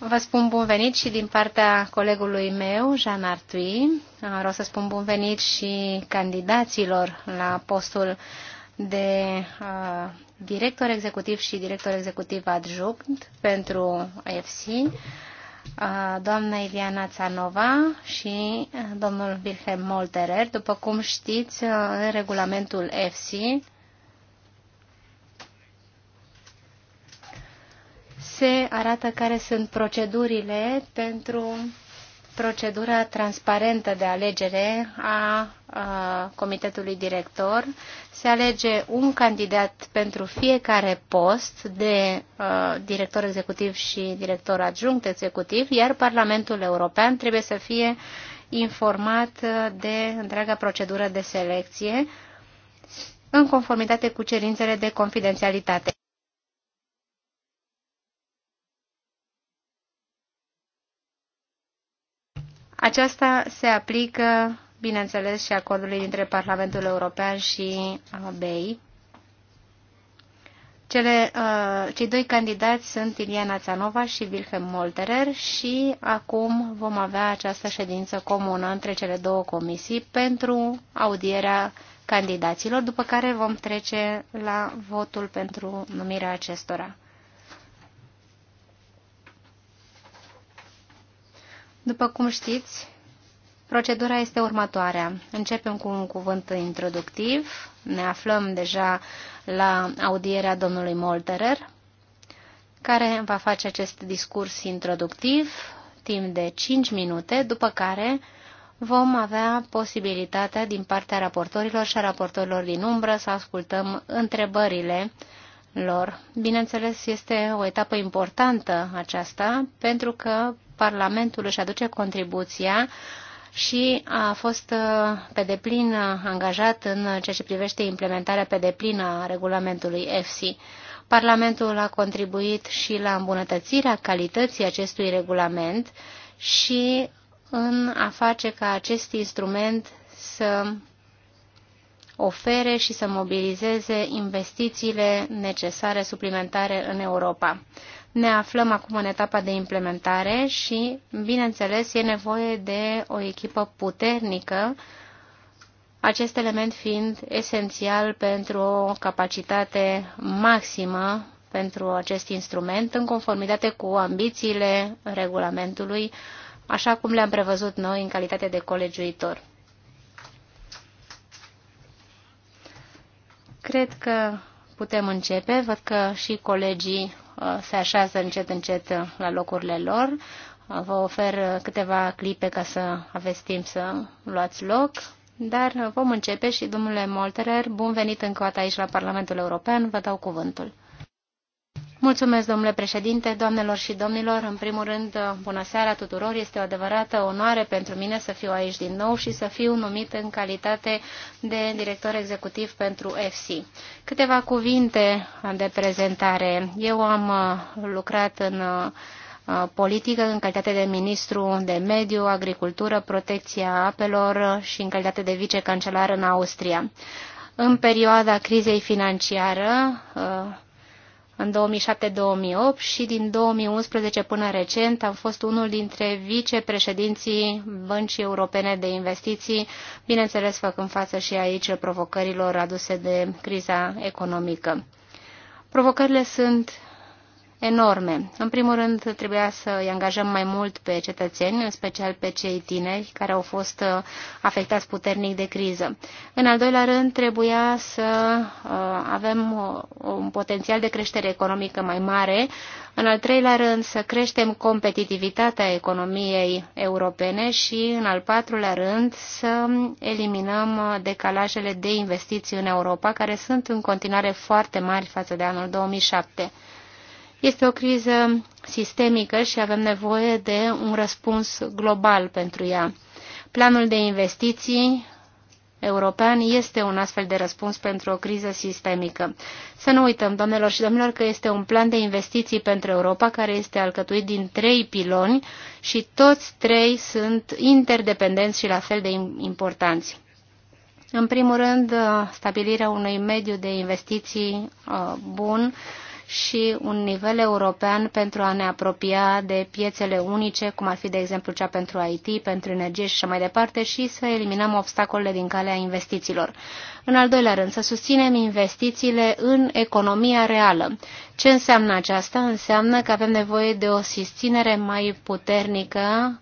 Vă spun bun venit și din partea colegului meu, Jean Artui. Vreau să spun bun venit și candidaților la postul de uh, director executiv și director executiv adjunct pentru EFC, uh, doamna Iliana Țanova și uh, domnul Wilhelm Molterer. După cum știți, uh, în regulamentul EFC se arată care sunt procedurile pentru procedura transparentă de alegere a, a comitetului director. Se alege un candidat pentru fiecare post de a, director executiv și director adjunct executiv, iar Parlamentul European trebuie să fie informat de întreaga procedură de selecție în conformitate cu cerințele de confidențialitate. Aceasta se aplică, bineînțeles, și acordului dintre Parlamentul European și uh, BEI. Cele, uh, cei doi candidați sunt Iliana Țanova și Wilhelm Molterer și acum vom avea această ședință comună între cele două comisii pentru audierea candidaților, după care vom trece la votul pentru numirea acestora. După cum știți, procedura este următoarea. Începem cu un cuvânt introductiv. Ne aflăm deja la audierea domnului Molterer, care va face acest discurs introductiv timp de 5 minute, după care vom avea posibilitatea din partea raportorilor și a raportorilor din umbră să ascultăm întrebările lor. Bineînțeles, este o etapă importantă aceasta, pentru că Parlamentul își aduce contribuția și a fost uh, pe deplin angajat în ceea ce privește implementarea pe deplină a regulamentului EFSI. Parlamentul a contribuit și la îmbunătățirea calității acestui regulament și în a face ca acest instrument să ofere și să mobilizeze investițiile necesare suplimentare în Europa. Ne aflăm acum în etapa de implementare și, bineînțeles, e nevoie de o echipă puternică, acest element fiind esențial pentru o capacitate maximă pentru acest instrument, în conformitate cu ambițiile regulamentului, așa cum le-am prevăzut noi în calitate de colegiuitor. Cred că putem începe. Văd că și colegii uh, se așează încet, încet uh, la locurile lor. Uh, vă ofer câteva clipe ca să aveți timp să luați loc, dar vom începe și, domnule Molterer, bun venit încă o dată aici la Parlamentul European, vă dau cuvântul. Mulțumesc, domnule președinte, doamnelor și domnilor. În primul rând, bună seara tuturor. Este o adevărată onoare pentru mine să fiu aici din nou și să fiu numit în calitate de director executiv pentru FC. Câteva cuvinte de prezentare. Eu am uh, lucrat în uh, politică în calitate de ministru de mediu, agricultură, protecția apelor și în calitate de vicecancelar în Austria. În perioada crizei financiară, uh, în 2007-2008 și din 2011 până recent am fost unul dintre vicepreședinții Băncii Europene de Investiții, bineînțeles făcând față și aici provocărilor aduse de criza economică. Provocările sunt enorme. În primul rând, trebuia să îi angajăm mai mult pe cetățeni, în special pe cei tineri care au fost uh, afectați puternic de criză. În al doilea rând, trebuia să uh, avem uh, un potențial de creștere economică mai mare. În al treilea rând, să creștem competitivitatea economiei europene și, în al patrulea rând, să eliminăm decalajele de investiții în Europa, care sunt în continuare foarte mari față de anul 2007. Este o criză sistemică și avem nevoie de un răspuns global pentru ea. Planul de investiții european este un astfel de răspuns pentru o criză sistemică. Să nu uităm, domnilor și domnilor, că este un plan de investiții pentru Europa care este alcătuit din trei piloni și toți trei sunt interdependenți și la fel de importanți. În primul rând, stabilirea unui mediu de investiții uh, bun, și un nivel european pentru a ne apropia de piețele unice, cum ar fi, de exemplu, cea pentru IT, pentru energie și așa mai departe, și să eliminăm obstacolele din calea investițiilor. În al doilea rând, să susținem investițiile în economia reală. Ce înseamnă aceasta? Înseamnă că avem nevoie de o susținere mai puternică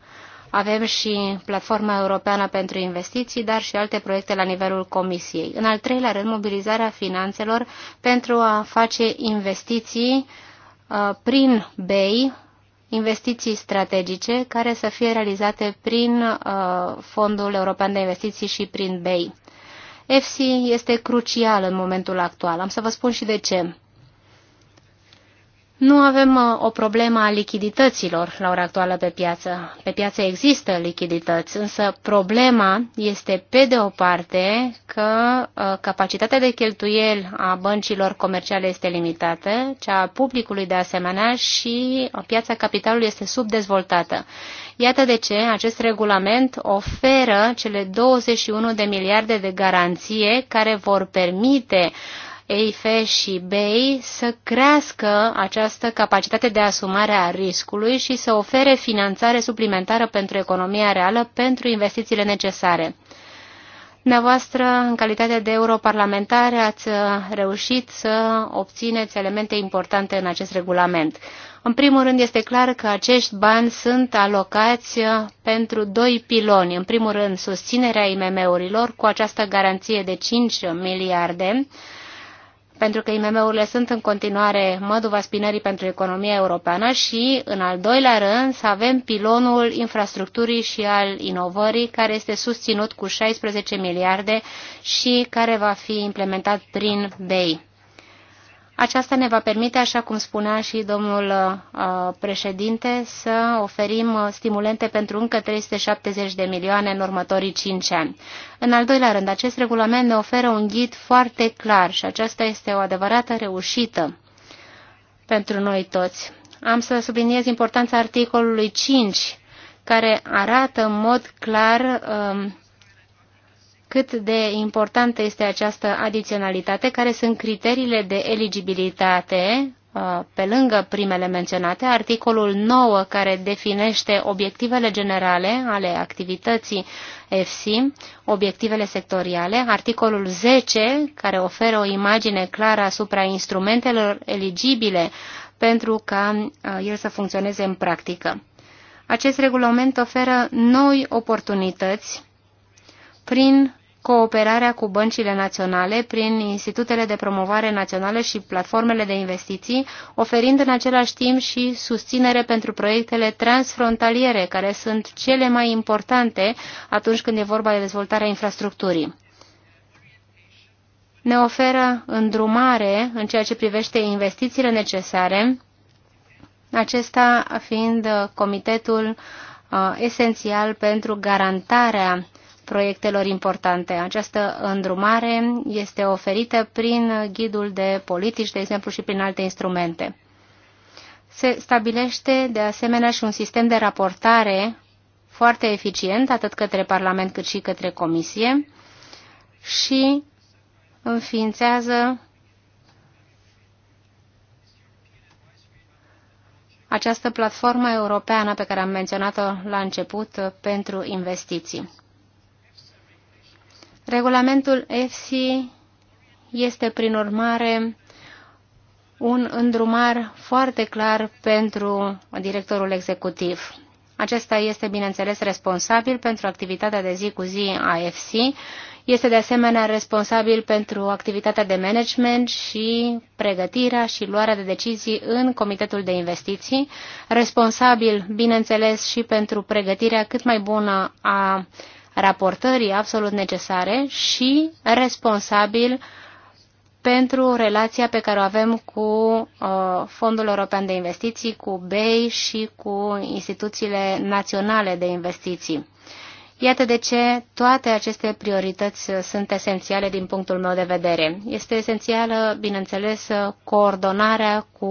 avem și Platforma Europeană pentru Investiții, dar și alte proiecte la nivelul Comisiei. În al treilea rând, mobilizarea finanțelor pentru a face investiții uh, prin BEI, investiții strategice care să fie realizate prin uh, Fondul European de Investiții și prin BEI. EFSI este crucial în momentul actual. Am să vă spun și de ce. Nu avem uh, o problemă a lichidităților la ora actuală pe piață. Pe piață există lichidități, însă problema este pe de o parte că uh, capacitatea de cheltuiel a băncilor comerciale este limitată, cea a publicului de asemenea și piața capitalului este subdezvoltată. Iată de ce acest regulament oferă cele 21 de miliarde de garanție care vor permite uh, EIFE și BEI să crească această capacitate de asumare a riscului și să ofere finanțare suplimentară pentru economia reală pentru investițiile necesare. Dumneavoastră, în calitate de europarlamentar, ați uh, reușit să obțineți elemente importante în acest regulament. În primul rând, este clar că acești bani sunt alocați uh, pentru doi piloni. În primul rând, susținerea IMM-urilor cu această garanție de 5 miliarde pentru că IMM-urile sunt în continuare măduva spinării pentru economia europeană și, în al doilea rând, să avem pilonul infrastructurii și al inovării, care este susținut cu 16 miliarde și care va fi implementat prin BEI. Aceasta ne va permite, așa cum spunea și domnul uh, președinte, să oferim uh, stimulente pentru încă 370 de milioane în următorii 5 ani. În al doilea rând, acest regulament ne oferă un ghid foarte clar și aceasta este o adevărată reușită pentru noi toți. Am să subliniez importanța articolului 5, care arată în mod clar Uh, cât de importantă este această adiționalitate, care sunt criteriile de eligibilitate uh, pe lângă primele menționate, articolul 9 care definește obiectivele generale ale activității EFSI, obiectivele sectoriale, articolul 10 care oferă o imagine clară asupra instrumentelor eligibile pentru ca uh, el să funcționeze în practică. Acest regulament oferă noi oportunități prin cooperarea cu băncile naționale prin institutele de promovare națională și platformele de investiții, oferind în același timp și susținere pentru proiectele transfrontaliere, care sunt cele mai importante atunci când e vorba de dezvoltarea infrastructurii ne oferă îndrumare în ceea ce privește investițiile necesare, acesta fiind comitetul uh, esențial pentru garantarea proiectelor importante. Această îndrumare este oferită prin ghidul de politici, de exemplu, și prin alte instrumente. Se stabilește, de asemenea, și un sistem de raportare foarte eficient, atât către Parlament cât și către Comisie, și înființează această platformă europeană pe care am menționat-o la început pentru investiții. Regulamentul EFSI este, prin urmare, un îndrumar foarte clar pentru directorul executiv. Acesta este, bineînțeles, responsabil pentru activitatea de zi cu zi a EFSI, este de asemenea responsabil pentru activitatea de management și pregătirea și luarea de decizii în Comitetul de Investiții, responsabil, bineînțeles, și pentru pregătirea cât mai bună a raportării absolut necesare și responsabil pentru relația pe care o avem cu uh, Fondul European de Investiții, cu BEI și cu instituțiile naționale de investiții. Iată de ce toate aceste priorități uh, sunt esențiale din punctul meu de vedere. Este esențială, bineînțeles, uh, coordonarea cu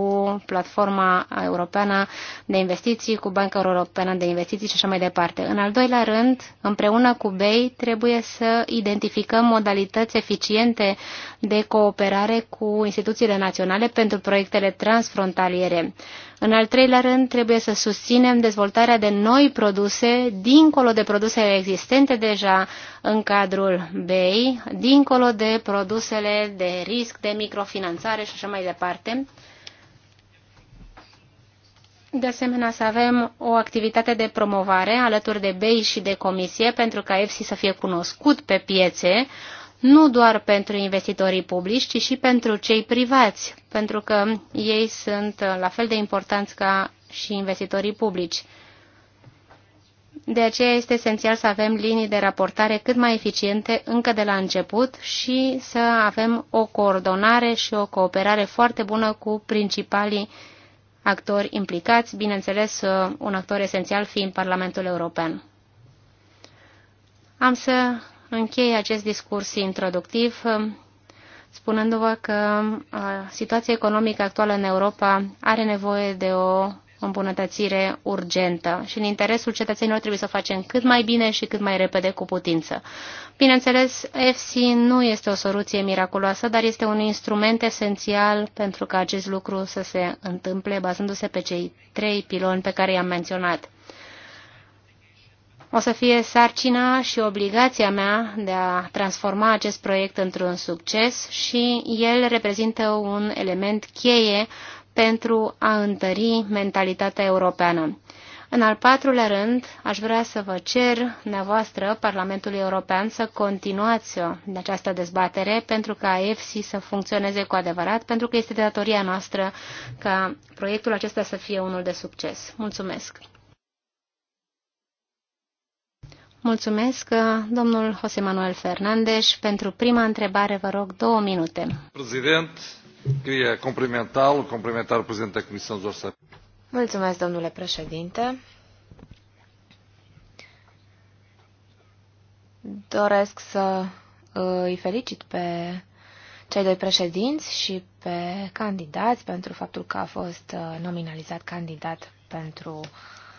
platforma europeană de investiții, cu Banca Europeană de Investiții și așa mai departe. În al doilea rând, împreună cu BEI, trebuie să identificăm modalități eficiente de cooperare cu instituțiile naționale pentru proiectele transfrontaliere. În al treilea rând, trebuie să susținem dezvoltarea de noi produse, dincolo de produsele existente deja în cadrul BEI, dincolo de produsele de risc, de microfinanțare și așa mai departe. De asemenea, să avem o activitate de promovare alături de BEI și de Comisie pentru ca EFSI să fie cunoscut pe piețe, nu doar pentru investitorii publici, ci și pentru cei privați, pentru că ei sunt la fel de importanți ca și investitorii publici. De aceea este esențial să avem linii de raportare cât mai eficiente încă de la început și să avem o coordonare și o cooperare foarte bună cu principalii actori implicați, bineînțeles un actor esențial fiind Parlamentul European. Am să închei acest discurs introductiv um, spunându-vă că uh, situația economică actuală în Europa are nevoie de o îmbunătățire urgentă și în interesul cetățenilor trebuie să o facem cât mai bine și cât mai repede cu putință. Bineînțeles, EFSI nu este o soluție miraculoasă, dar este un instrument esențial pentru ca acest lucru să se întâmple, bazându-se pe cei trei piloni pe care i-am menționat. O să fie sarcina și obligația mea de a transforma acest proiect într-un succes și el reprezintă un element cheie pentru a întări mentalitatea europeană. În al patrulea rând, aș vrea să vă cer, dumneavoastră, Parlamentul European, să continuați în această dezbatere pentru ca EFSI să funcționeze cu adevărat, pentru că este de datoria noastră ca proiectul acesta să fie unul de succes. Mulțumesc! Mulțumesc, uh, domnul José Manuel Fernández Pentru prima întrebare, vă rog două minute. Prezident, queria complimental, complimentar cumprimentar da Comisiei. Zorsa. Mulțumesc, domnule președinte. Doresc să uh, îi felicit pe cei doi președinți și pe candidați pentru faptul că a fost uh, nominalizat candidat pentru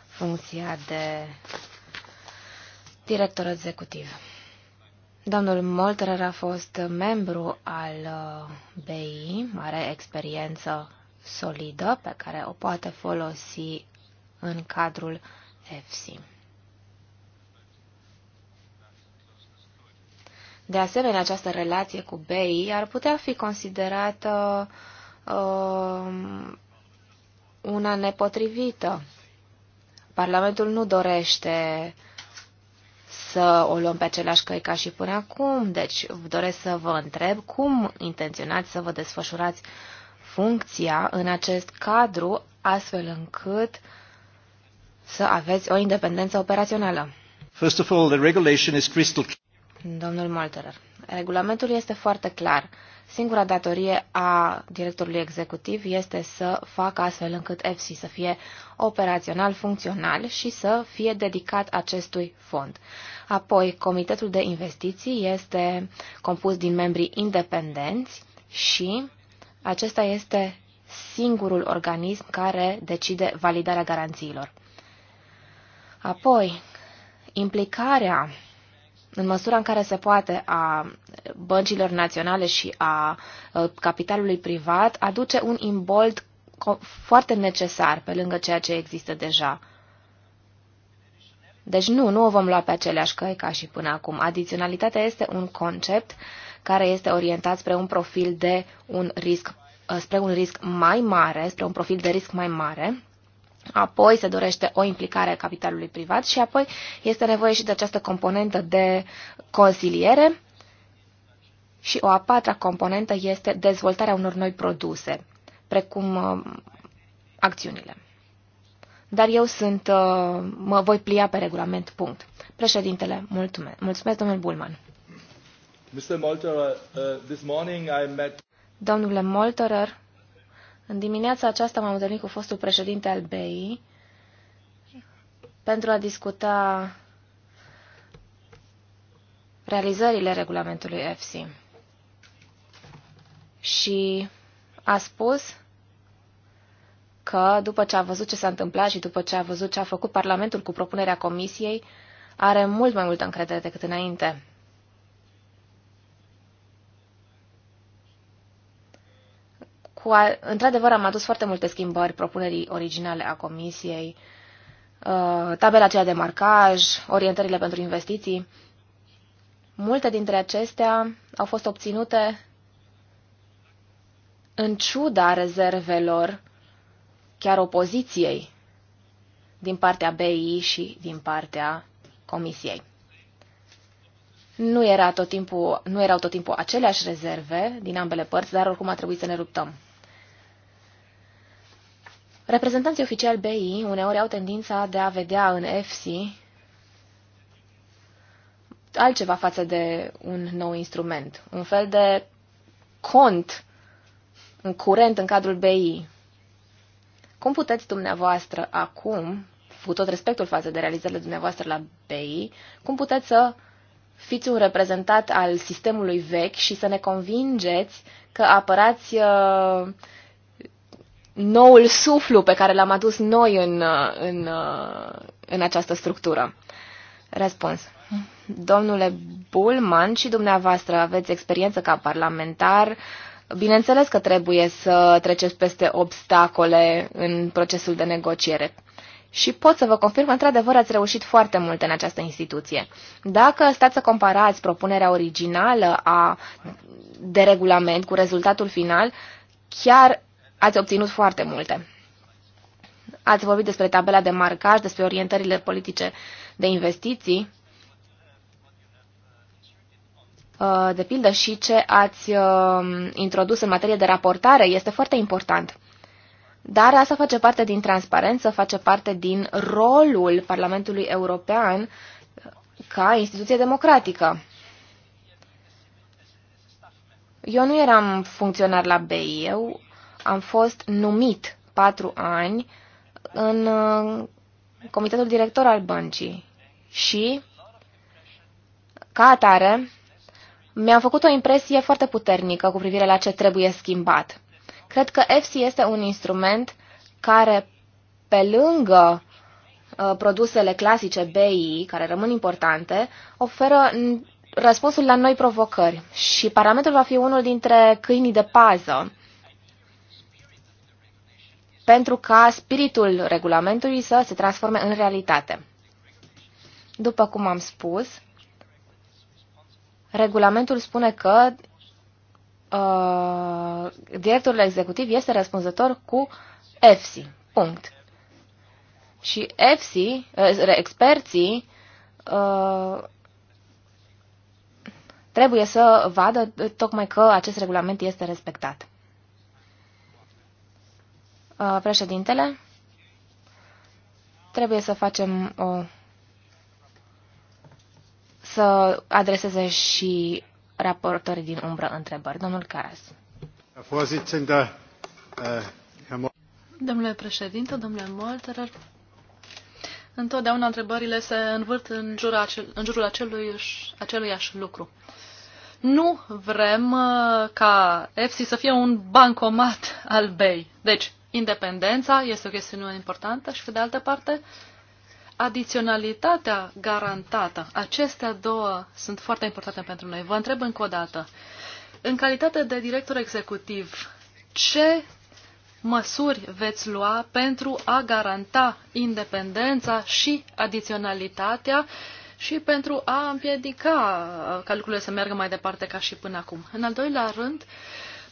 funcția de director executiv. Domnul Molterer a fost membru al uh, BI, are experiență solidă pe care o poate folosi în cadrul EFSI. De asemenea, această relație cu BI ar putea fi considerată uh, una nepotrivită. Parlamentul nu dorește uh, să o luăm pe aceleași căi ca și până acum. Deci doresc să vă întreb cum intenționați să vă desfășurați funcția în acest cadru, astfel încât să aveți o independență operațională. First of all, the regulation is crystal clear, Domnul Molterer, regulamentul este foarte clar. Singura datorie a directorului executiv este să facă astfel încât EFSI să fie operațional, funcțional și să fie dedicat acestui fond. Apoi, Comitetul de Investiții este compus din membrii independenți și acesta este singurul organism care decide validarea garanțiilor. Apoi, implicarea în măsura în care se poate, a băncilor naționale și a capitalului privat, aduce un imbold foarte necesar pe lângă ceea ce există deja. Deci nu, nu o vom lua pe aceleași căi ca și până acum. Adiționalitatea este un concept care este orientat spre un profil de un risc, spre un risc mai mare, spre un profil de risc mai mare, apoi se dorește o implicare a capitalului privat și apoi este nevoie și de această componentă de consiliere și o a patra componentă este dezvoltarea unor noi produse, precum uh, acțiunile. Dar eu sunt, uh, mă voi plia pe regulament, punct. Președintele, mulțumesc. Mulțumesc, domnul Bulman. Mr. Molterer, uh, this morning I met... Domnule Molterer, în dimineața aceasta m-am întâlnit cu fostul președinte al BEI pentru a discuta realizările regulamentului EFSI. Și a spus că după ce a văzut ce s-a întâmplat și după ce a văzut ce a făcut Parlamentul cu propunerea Comisiei, are mult mai multă încredere decât înainte. cu a, într-adevăr am adus foarte multe schimbări propunerii originale a Comisiei, uh, tabela aceea de marcaj, orientările pentru investiții. Multe dintre acestea au fost obținute în ciuda rezervelor chiar opoziției din partea BI și din partea Comisiei. Nu, era tot timpul, nu erau tot timpul aceleași rezerve din ambele părți, dar oricum a trebuit să ne luptăm. Reprezentanții oficiali BI uneori au tendința de a vedea în EFSI altceva față de un nou instrument, un fel de cont în curent în cadrul BI. Cum puteți dumneavoastră acum, cu tot respectul față de realizările dumneavoastră la BI, cum puteți să fiți un reprezentat al sistemului vechi și să ne convingeți că apărați uh, noul suflu pe care l-am adus noi în, în, în această structură. Răspuns. Domnule Bulman și dumneavoastră aveți experiență ca parlamentar. Bineînțeles că trebuie să treceți peste obstacole în procesul de negociere. Și pot să vă confirm, într-adevăr, ați reușit foarte mult în această instituție. Dacă stați să comparați propunerea originală a, de regulament cu rezultatul final, chiar ați obținut foarte multe. Ați vorbit despre tabela de marcaj, despre orientările politice de investiții, uh, de pildă și ce ați uh, introdus în materie de raportare este foarte important. Dar asta face parte din transparență, face parte din rolul Parlamentului European ca instituție democratică. Eu nu eram funcționar la BEI, eu am fost numit patru ani în uh, comitetul director al băncii și, ca atare, mi-am făcut o impresie foarte puternică cu privire la ce trebuie schimbat. Cred că FC este un instrument care, pe lângă uh, produsele clasice BI, care rămân importante, oferă răspunsul la noi provocări și parametrul va fi unul dintre câinii de pază pentru ca spiritul regulamentului să se transforme în realitate. După cum am spus, regulamentul spune că uh, directorul executiv este răspunzător cu EFSI. Punct. Și EFSI, uh, experții, uh, trebuie să vadă tocmai că acest regulament este respectat. Uh, președintele, trebuie să facem o... să adreseze și raportorii din umbră întrebări. Domnul Caras. Äh, domnule președinte, domnule Molterer, întotdeauna întrebările se învârt în, jura, în jurul acelui, aceluiași lucru. Nu vrem uh, ca EFSI să fie un bancomat al BEI. Deci, independența este o chestiune importantă și, pe de altă parte, adiționalitatea garantată. Acestea două sunt foarte importante pentru noi. Vă întreb încă o dată, în calitate de director executiv, ce măsuri veți lua pentru a garanta independența și adiționalitatea și pentru a împiedica uh, ca lucrurile să meargă mai departe ca și până acum. În al doilea rând, uh,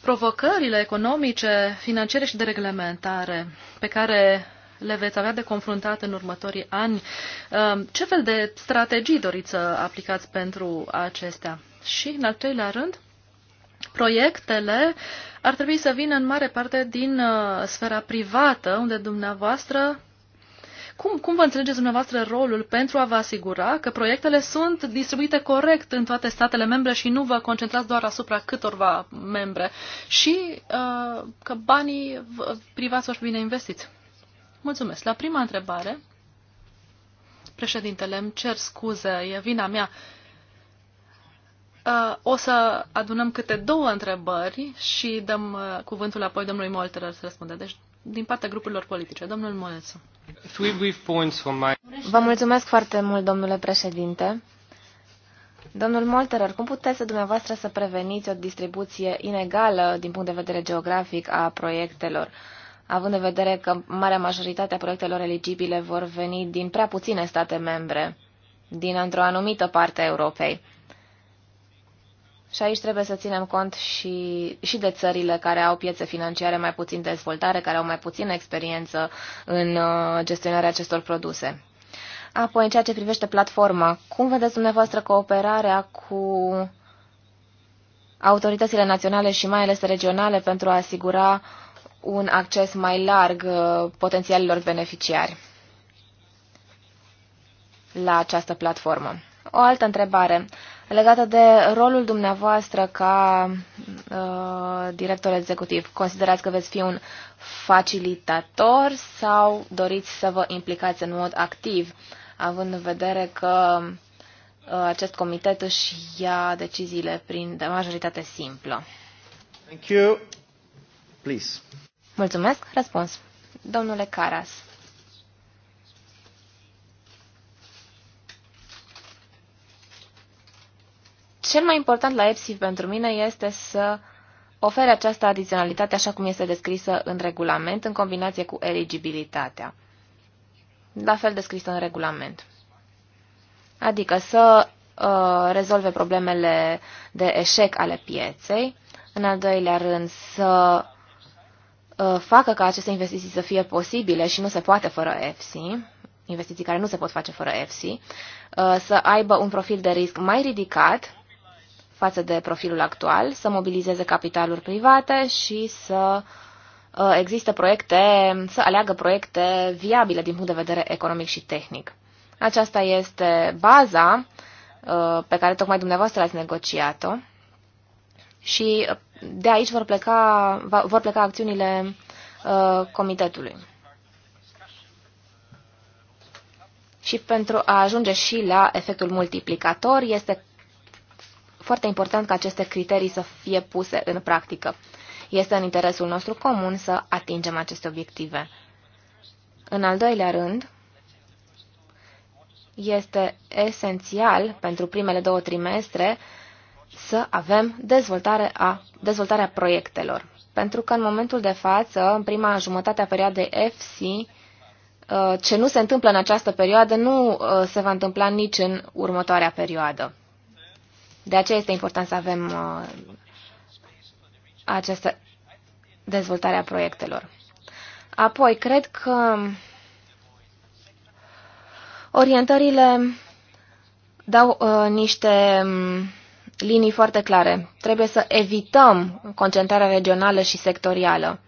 provocările economice, financiare și de reglementare pe care le veți avea de confruntat în următorii ani. Um, ce fel de strategii doriți să aplicați pentru acestea? Și, în al treilea rând, proiectele ar trebui să vină în mare parte din uh, sfera privată, unde dumneavoastră cum, cum vă înțelegeți dumneavoastră rolul pentru a vă asigura că proiectele sunt distribuite corect în toate statele membre și nu vă concentrați doar asupra câtorva membre și uh, că banii privați vor fi bine investiți? Mulțumesc. La prima întrebare, președintele, îmi cer scuze, e vina mea. Uh, o să adunăm câte două întrebări și dăm uh, cuvântul apoi domnului Molterer să răspundă. Deci, din partea grupurilor politice, domnul Molețu. Vă mulțumesc foarte mult, domnule președinte. Domnul Molterer, cum puteți dumneavoastră să preveniți o distribuție inegală din punct de vedere geografic a proiectelor, având în vedere că marea majoritate a proiectelor eligibile vor veni din prea puține state membre, din într-o anumită parte a Europei? Și aici trebuie să ținem cont și, și de țările care au piețe financiare mai puțin dezvoltare, care au mai puțină experiență în uh, gestionarea acestor produse. Apoi, în ceea ce privește platforma, cum vedeți dumneavoastră cooperarea cu autoritățile naționale și mai ales regionale pentru a asigura un acces mai larg uh, potențialilor beneficiari la această platformă? O altă întrebare legată de rolul dumneavoastră ca uh, director executiv. Considerați că veți fi un facilitator sau doriți să vă implicați în mod activ, având în vedere că uh, acest comitet își ia deciziile prin majoritate simplă? Thank you. Please. Mulțumesc. Răspuns. Domnule Caras. Cel mai important la EPSI pentru mine este să ofere această adiționalitate așa cum este descrisă în regulament, în combinație cu eligibilitatea. La fel descrisă în regulament. Adică să uh, rezolve problemele de eșec ale pieței, în al doilea rând să uh, facă ca aceste investiții să fie posibile și nu se poate fără EFSI, investiții care nu se pot face fără EFSI, uh, să aibă un profil de risc mai ridicat față de profilul actual, să mobilizeze capitaluri private și să uh, există proiecte, să aleagă proiecte viabile din punct de vedere economic și tehnic. Aceasta este baza uh, pe care tocmai dumneavoastră ați negociat-o și uh, de aici vor pleca, vor pleca acțiunile comitetului. Și pentru a ajunge și la efectul multiplicator, este foarte important ca aceste criterii să fie puse în practică. Este în interesul nostru comun să atingem aceste obiective. În al doilea rând, este esențial pentru primele două trimestre să avem dezvoltare a, dezvoltarea proiectelor. Pentru că în momentul de față, în prima jumătate a perioadei FC, uh, ce nu se întâmplă în această perioadă nu uh, se va întâmpla nici în următoarea perioadă. De aceea este important să avem uh, această dezvoltare a proiectelor. Apoi, cred că orientările dau uh, niște um, linii foarte clare. Trebuie să evităm concentrarea regională și sectorială.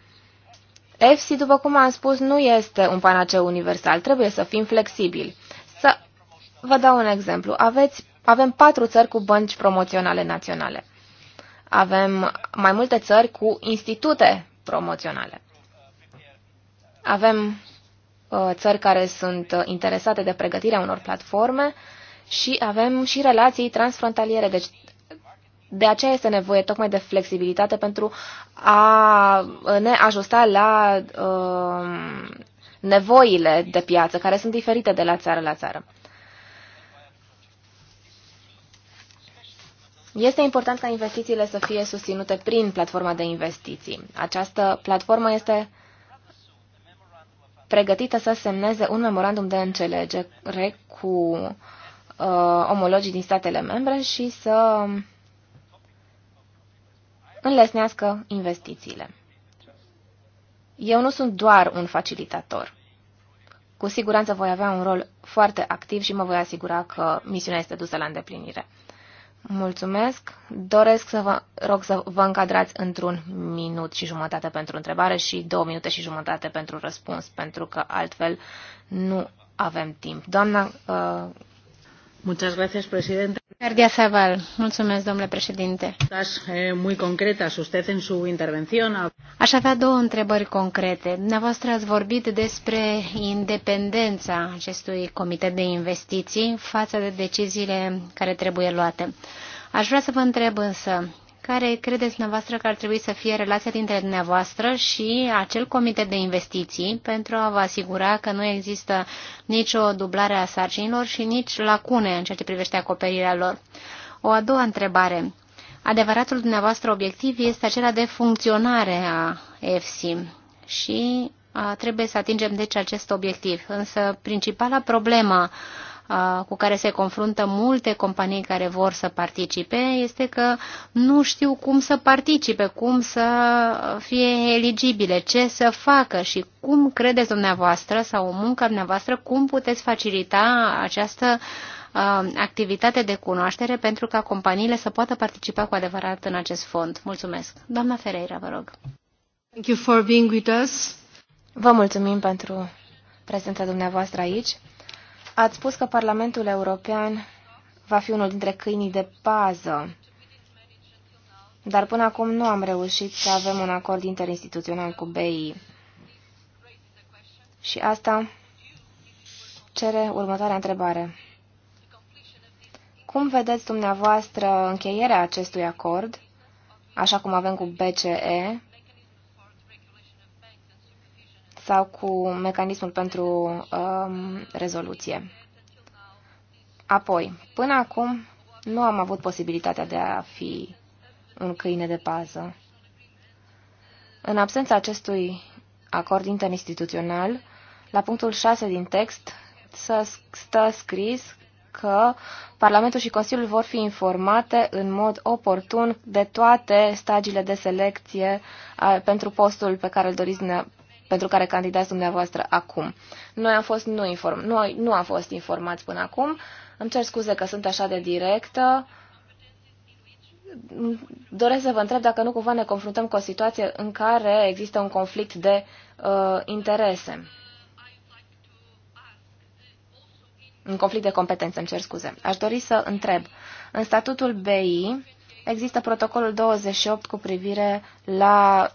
EFSI, după cum am spus, nu este un panaceu universal. Trebuie să fim flexibili. Să vă dau un exemplu. Aveți avem patru țări cu bănci promoționale naționale. Avem mai multe țări cu institute promoționale. Avem uh, țări care sunt interesate de pregătirea unor platforme și avem și relații transfrontaliere. Deci de aceea este nevoie tocmai de flexibilitate pentru a ne ajusta la uh, nevoile de piață, care sunt diferite de la țară la țară. Este important ca investițiile să fie susținute prin platforma de investiții. Această platformă este pregătită să semneze un memorandum de înțelegere cu uh, omologii din statele membre și să înlesnească investițiile. Eu nu sunt doar un facilitator. Cu siguranță voi avea un rol foarte activ și mă voi asigura că misiunea este dusă la îndeplinire. Mulțumesc. Doresc să vă rog să vă încadrați într-un minut și jumătate pentru întrebare și două minute și jumătate pentru răspuns, pentru că altfel nu avem timp. Doamna uh, Muchas gracias, presidente. Gardia Zaval, mulțumesc, domnule președinte. Eh, muy concretas, usted en su intervención. Aș avea două întrebări concrete. Dumneavoastră ați vorbit despre independența acestui comitet de investiții față de deciziile care trebuie luate. Aș vrea să vă întreb însă, care credeți dumneavoastră că ar trebui să fie relația dintre dumneavoastră și acel comitet de investiții pentru a vă asigura că nu există nicio dublare a sarcinilor și nici lacune în ceea ce privește acoperirea lor. O a doua întrebare. Adevăratul dumneavoastră obiectiv este acela de funcționare a EFSI și trebuie să atingem deci acest obiectiv. Însă principala problemă cu care se confruntă multe companii care vor să participe este că nu știu cum să participe, cum să fie eligibile, ce să facă și cum credeți dumneavoastră sau munca dumneavoastră, cum puteți facilita această activitate de cunoaștere pentru ca companiile să poată participa cu adevărat în acest fond. Mulțumesc. Doamna Ferreira, vă rog. Thank you for being with us. Vă mulțumim pentru prezența dumneavoastră aici. Ați spus că Parlamentul European va fi unul dintre câinii de bază, dar până acum nu am reușit să avem un acord interinstituțional cu BEI. Și asta cere următoarea întrebare. Cum vedeți dumneavoastră încheierea acestui acord, așa cum avem cu BCE, sau cu mecanismul pentru um, rezoluție. Apoi, până acum nu am avut posibilitatea de a fi un câine de pază. În absența acestui acord interinstituțional, la punctul 6 din text stă scris că Parlamentul și Consiliul vor fi informate în mod oportun de toate stagiile de selecție pentru postul pe care îl doriți pentru care candidați dumneavoastră acum. Noi am fost nu inform, noi nu am fost informați până acum. Îmi cer scuze că sunt așa de directă. Doresc să vă întreb dacă nu cumva ne confruntăm cu o situație în care există un conflict de uh, interese. Un conflict de competențe, îmi cer scuze. Aș dori să întreb. În statutul BI există protocolul 28 cu privire la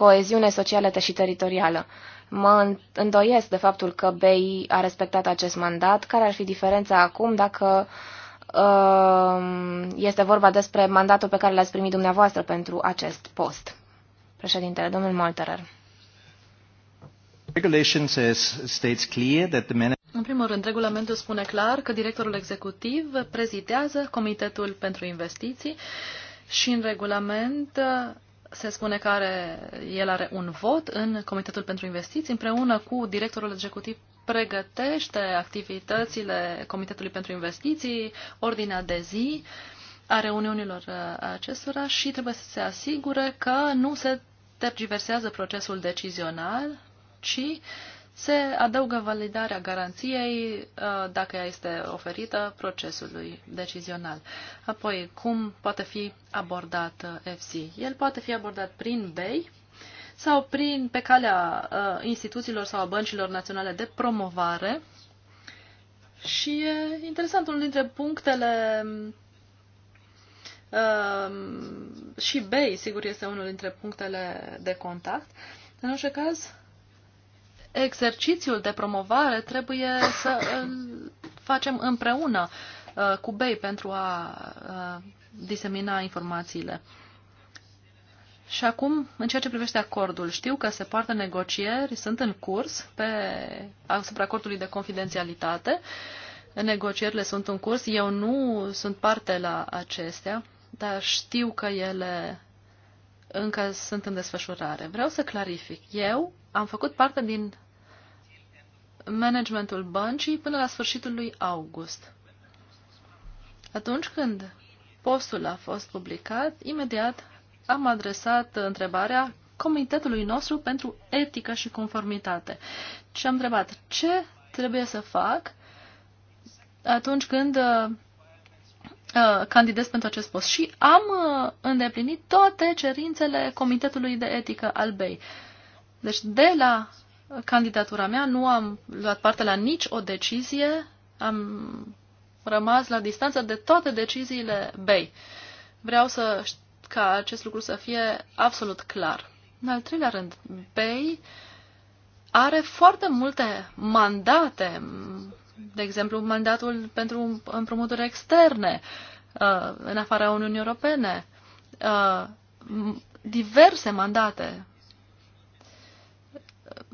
coeziune socială și teritorială. Mă îndoiesc de faptul că BI a respectat acest mandat. Care ar fi diferența acum dacă um, este vorba despre mandatul pe care l-ați primit dumneavoastră pentru acest post? Președintele, domnul Molterer. În primul rând, regulamentul spune clar că directorul executiv prezidează Comitetul pentru Investiții și în regulament se spune că are, el are un vot în Comitetul pentru Investiții, împreună cu directorul executiv pregătește activitățile Comitetului pentru Investiții, ordinea de zi a reuniunilor uh, acestora și trebuie să se asigure că nu se tergiversează procesul decizional, ci se adaugă validarea garanției, uh, dacă ea este oferită, procesului decizional. Apoi, cum poate fi abordat uh, FC? El poate fi abordat prin BEI sau prin, pe calea uh, instituțiilor sau a băncilor naționale de promovare. Și e interesant, unul dintre punctele și BEI, sigur, este unul dintre punctele de contact. În orice caz, exercițiul de promovare trebuie să îl facem împreună uh, cu BEI pentru a uh, disemina informațiile. Și acum, în ceea ce privește acordul, știu că se poartă negocieri, sunt în curs pe, asupra acordului de confidențialitate. Negocierile sunt în curs. Eu nu sunt parte la acestea, dar știu că ele încă sunt în desfășurare. Vreau să clarific. Eu am făcut parte din managementul băncii până la sfârșitul lui august. Atunci când postul a fost publicat, imediat am adresat întrebarea comitetului nostru pentru etică și conformitate și am întrebat ce trebuie să fac atunci când uh, uh, candidez pentru acest post. Și am uh, îndeplinit toate cerințele Comitetului de Etică al BEI. Uh, deci de la candidatura mea nu am luat parte la nici o decizie, am rămas la distanță de toate deciziile BEI. Vreau să, ca acest lucru să fie absolut clar. În al treilea rând, BEI are foarte multe mandate, de exemplu, mandatul pentru împrumuturi externe uh, în afara Uniunii Europene, uh, diverse mandate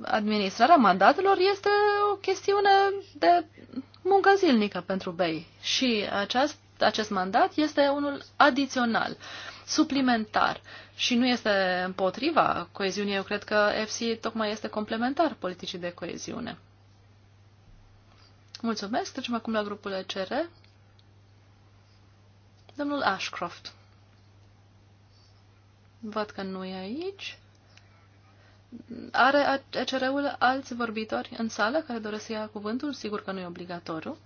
administrarea mandatelor este o chestiune de muncă zilnică pentru BEI și aceast, acest mandat este unul adițional, suplimentar și nu este împotriva coeziunii. Eu cred că FC tocmai este complementar politicii de coeziune. Mulțumesc. Trecem acum la grupul ECR. Domnul Ashcroft. Văd că nu e aici. Are ECR-ul alți vorbitori în sală care doresc să ia cuvântul? Sigur că nu e obligatoriu.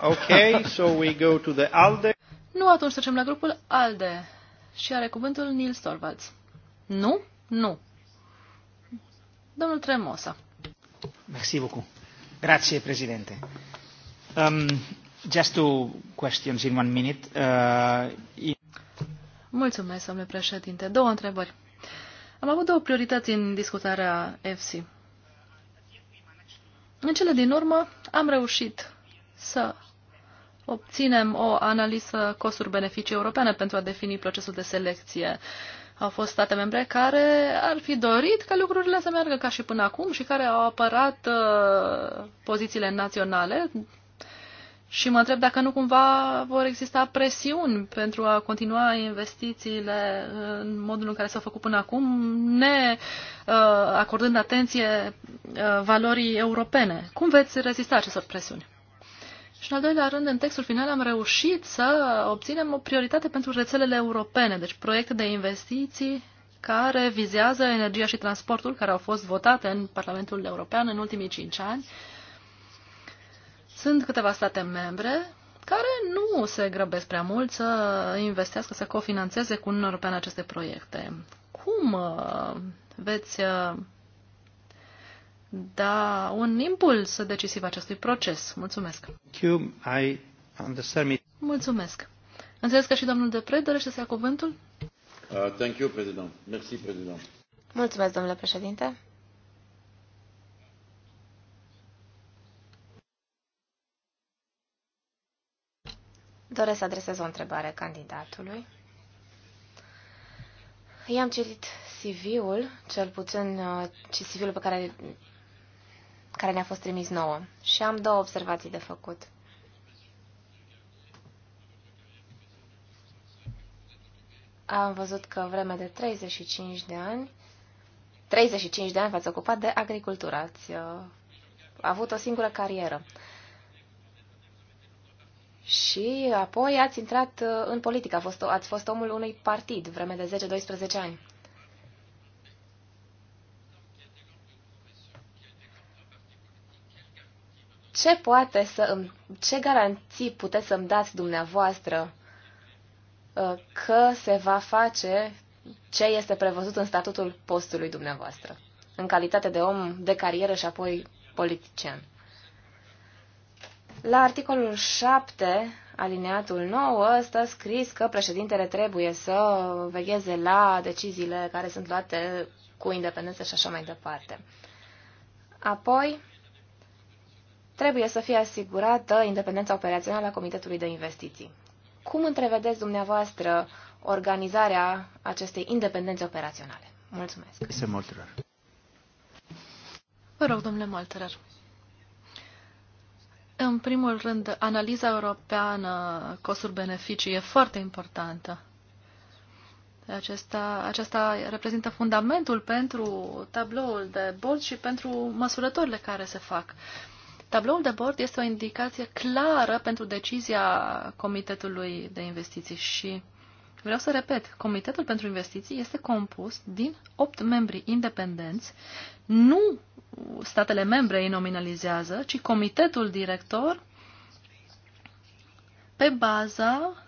Ok, so we go to the ALDE. Nu, atunci trecem la grupul ALDE. Și are cuvântul Nils Torvalds. Nu? Nu. Domnul Tremosa. Mersi beaucoup. Grazie, Presidente. Um, just two questions in one minute. Uh, Mulțumesc, domnule președinte. Două întrebări. Am avut două priorități în discutarea EFSI. În cele din urmă am reușit să obținem o analiză costuri-beneficii europene pentru a defini procesul de selecție. Au fost state membre care ar fi dorit ca lucrurile să meargă ca și până acum și care au apărat uh, pozițiile naționale, și mă întreb dacă nu cumva vor exista presiuni pentru a continua investițiile în modul în care s-au făcut până acum, ne uh, acordând atenție uh, valorii europene. Cum veți rezista acestor presiuni? Și în al doilea rând, în textul final am reușit să obținem o prioritate pentru rețelele europene, deci proiecte de investiții care vizează energia și transportul, care au fost votate în Parlamentul European în ultimii cinci ani. Uh, sunt câteva state membre care nu se grăbesc prea mult să investească, să cofinanțeze cu Uniunea Europeană aceste proiecte. Cum uh, veți uh, da un impuls decisiv acestui proces? Mulțumesc! Mulțumesc! Înțeles că și domnul Depre dorește să ia cuvântul? Uh, thank you, President. Merci, President. Mulțumesc, domnule președinte. Doresc să adresez o întrebare candidatului. I-am citit CV-ul, cel puțin uh, CV-ul pe care, care ne-a fost trimis nouă și am două observații de făcut. Am văzut că vreme de 35 de ani, 35 de ani v-ați ocupat de agricultură, ați uh, avut o singură carieră. Uh, și apoi ați intrat uh, în politică, a fost, ați fost omul unui partid vreme de 10-12 ani. Ce poate să îmi, ce garanții puteți să-mi dați dumneavoastră uh, că se va face ce este prevăzut în statutul postului dumneavoastră, în calitate de om de carieră și apoi politician? La articolul 7, alineatul 9, stă scris că președintele trebuie să vegheze la deciziile care sunt luate cu independență și așa mai departe. Apoi, trebuie să fie asigurată independența operațională a Comitetului de Investiții. Cum întrevedeți dumneavoastră organizarea acestei independențe operaționale? Mulțumesc. Vă rog, domnule Molterer. În primul rând, analiza europeană costuri-beneficii e foarte importantă. Acesta, aceasta reprezintă fundamentul pentru tabloul de bord și pentru măsurătorile care se fac. Tabloul de bord este o indicație clară pentru decizia Comitetului de Investiții și uh, Vreau să repet, Comitetul pentru Investiții este compus din opt membri independenți. Nu statele membre îi nominalizează, ci Comitetul Director pe baza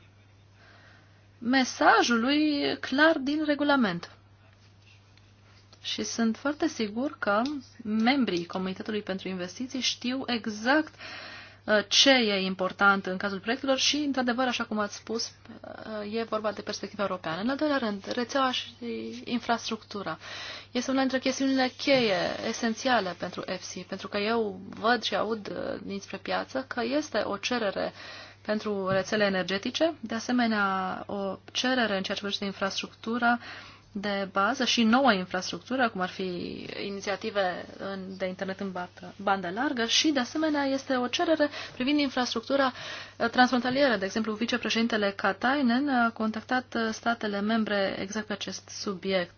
mesajului clar din regulament. Și sunt foarte sigur că membrii Comitetului pentru Investiții știu exact uh, Uh, ce e important în cazul proiectelor și, într-adevăr, așa cum ați spus, uh, e vorba de perspectiva europeană. În al doilea rând, rețeaua și infrastructura. Este una dintre chestiunile cheie, esențiale pentru EFSI, pentru că eu văd și aud uh, dinspre piață că este o cerere pentru rețele energetice, de asemenea o cerere în ceea ce privește infrastructura, uh, de bază și nouă infrastructură, cum ar fi inițiative de internet în bandă largă și, de asemenea, este o cerere privind infrastructura uh, transfrontalieră. De exemplu, vicepreședintele Katainen a contactat uh, statele membre exact pe acest subiect.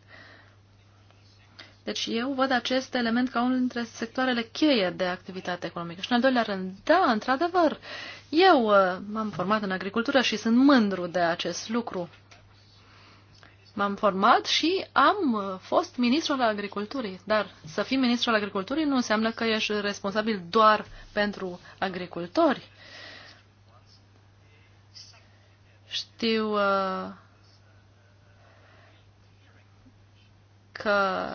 Deci eu văd acest element ca unul dintre sectoarele cheie de activitate economică. Și în al doilea rând, da, într-adevăr, eu uh, m-am format în agricultură și sunt mândru de acest lucru m-am format și am uh, fost ministrul al agriculturii. Dar să fii ministrul al agriculturii nu înseamnă că ești responsabil doar pentru agricultori. Știu uh, că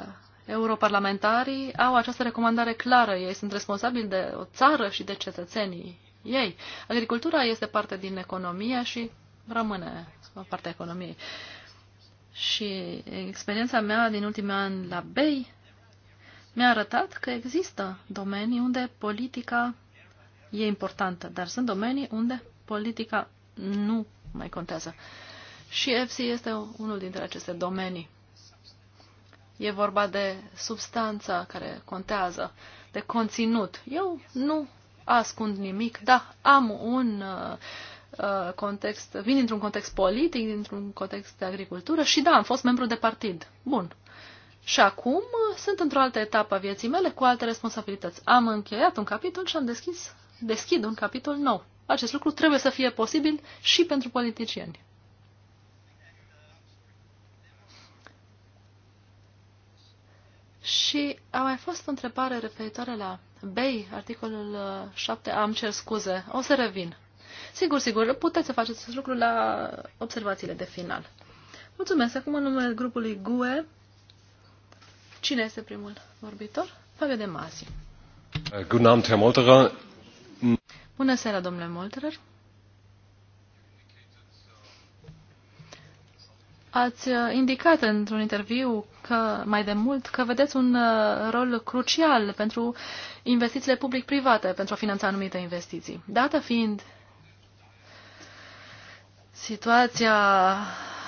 europarlamentarii au această recomandare clară. Ei sunt responsabili de o țară și de cetățenii ei. Agricultura este parte din economie și rămâne o parte a economiei. Uh, și experiența mea din ultimii ani la BEI mi-a arătat că există domenii unde politica e importantă, dar sunt domenii unde politica nu mai contează. Și EFSI este unul dintre aceste domenii. E vorba de substanța care contează, de conținut. Eu nu ascund nimic, dar am un uh, Uh, context, vin dintr-un context politic, dintr-un context de agricultură și da, am fost membru de partid. Bun. Și acum sunt într-o altă etapă a vieții mele cu alte responsabilități. Am încheiat un capitol și am deschis, deschid un capitol nou. Acest lucru trebuie să fie posibil și pentru politicieni. Și a mai fost o întrebare referitoare la BEI, articolul 7. Uh, am cer scuze, o să revin. Sigur, sigur, puteți să faceți acest lucru la observațiile de final. Mulțumesc. Acum în numele grupului GUE, cine este primul vorbitor? Fabio de Masi. Guten Abend, Herr Molterer. Bună seara, domnule Molterer. Ați uh, indicat într-un interviu că mai de mult că vedeți un uh, rol crucial pentru investițiile public-private pentru a finanța anumite investiții. Dată fiind situația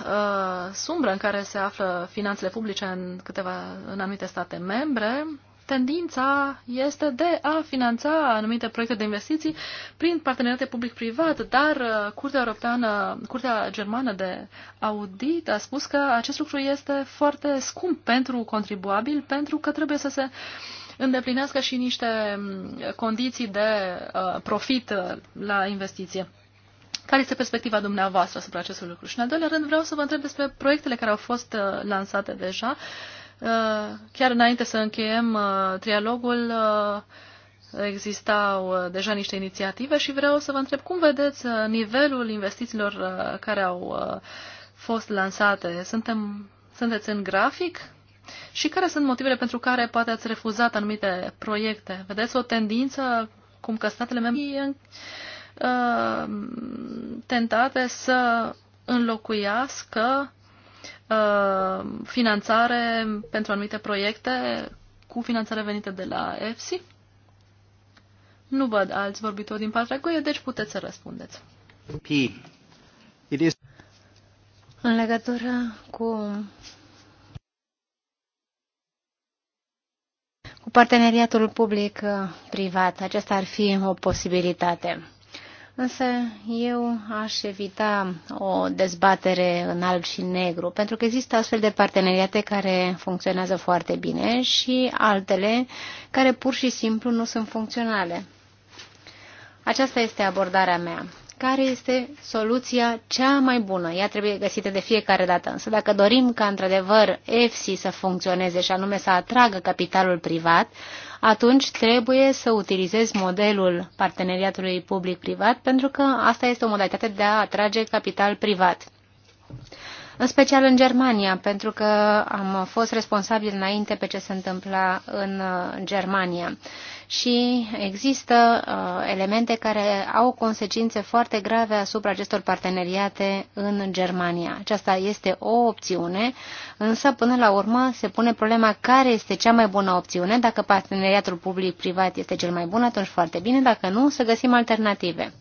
uh, sumbră în care se află finanțele publice în, câteva, în anumite state membre, tendința este de a finanța anumite proiecte de investiții prin parteneriate public-privat, dar ă, Curtea Europeană, Curtea Germană de Audit a spus că acest lucru este foarte scump pentru contribuabil, pentru că trebuie să se îndeplinească și niște condiții de ă, profit la investiție. Care este perspectiva dumneavoastră asupra acestui lucru? Și în al doilea rând vreau să vă întreb despre proiectele care au fost uh, lansate deja. Uh, chiar înainte să încheiem uh, trialogul, existau deja niște inițiative și vreau să vă întreb cum vedeți nivelul investițiilor care au fost lansate. Suntem, sunteți în grafic? Și care sunt motivele pentru care poate ați refuzat anumite proiecte? Vedeți o tendință cum că statele membre Uh, tentate să înlocuiască uh, finanțare pentru anumite proiecte cu finanțare venită de la EFSI? Nu văd alți vorbitori din partea GUE, deci puteți să răspundeți. P. It is... În legătură cu cu parteneriatul public-privat. Aceasta ar fi o posibilitate. Însă eu aș evita o dezbatere în alb și negru, pentru că există astfel de parteneriate care funcționează foarte bine și altele care pur și simplu nu sunt funcționale. Aceasta este abordarea mea. Care este soluția cea mai bună? Ea trebuie găsită de fiecare dată. Însă dacă dorim ca într-adevăr EFSI să funcționeze și anume să atragă capitalul privat, atunci trebuie să utilizezi modelul parteneriatului public-privat, pentru că asta este o modalitate de a atrage capital privat în special în Germania, pentru că am fost responsabil înainte pe ce se întâmpla în uh, Germania și există uh, elemente care au consecințe foarte grave asupra acestor parteneriate în Germania. Aceasta este o opțiune, însă până la urmă se pune problema care este cea mai bună opțiune. Dacă parteneriatul public-privat este cel mai bun, atunci foarte bine, dacă nu, să găsim alternative.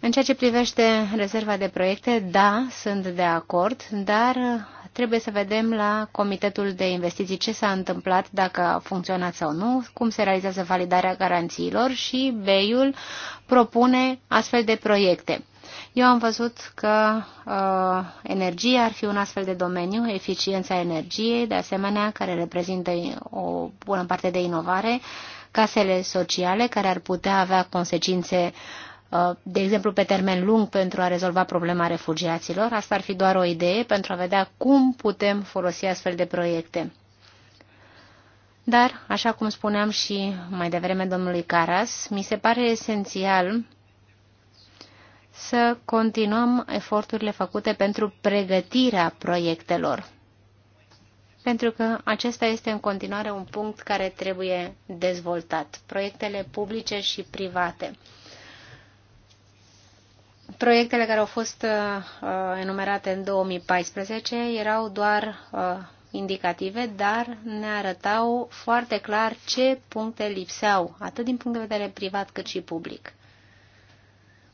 În ceea ce privește rezerva de proiecte, da, sunt de acord, dar Trebuie să vedem la Comitetul de Investiții ce s-a întâmplat, dacă a funcționat sau nu, cum se realizează validarea garanțiilor și BEI-ul propune astfel de proiecte. Eu am văzut că uh, energia ar fi un astfel de domeniu, eficiența energiei, de asemenea, care reprezintă o bună parte de inovare, casele sociale, care ar putea avea consecințe uh, Uh, de exemplu, pe termen lung pentru a rezolva problema refugiaților. Asta ar fi doar o idee pentru a vedea cum putem folosi astfel de proiecte. Dar, așa cum spuneam și mai devreme domnului Caras, mi se pare esențial să continuăm eforturile făcute pentru pregătirea proiectelor. Pentru că acesta este în continuare un punct care trebuie dezvoltat. Proiectele publice și private. Proiectele care au fost uh, uh, enumerate în 2014 erau doar uh, indicative, dar ne arătau foarte clar ce puncte lipseau, atât din punct de vedere privat cât și public.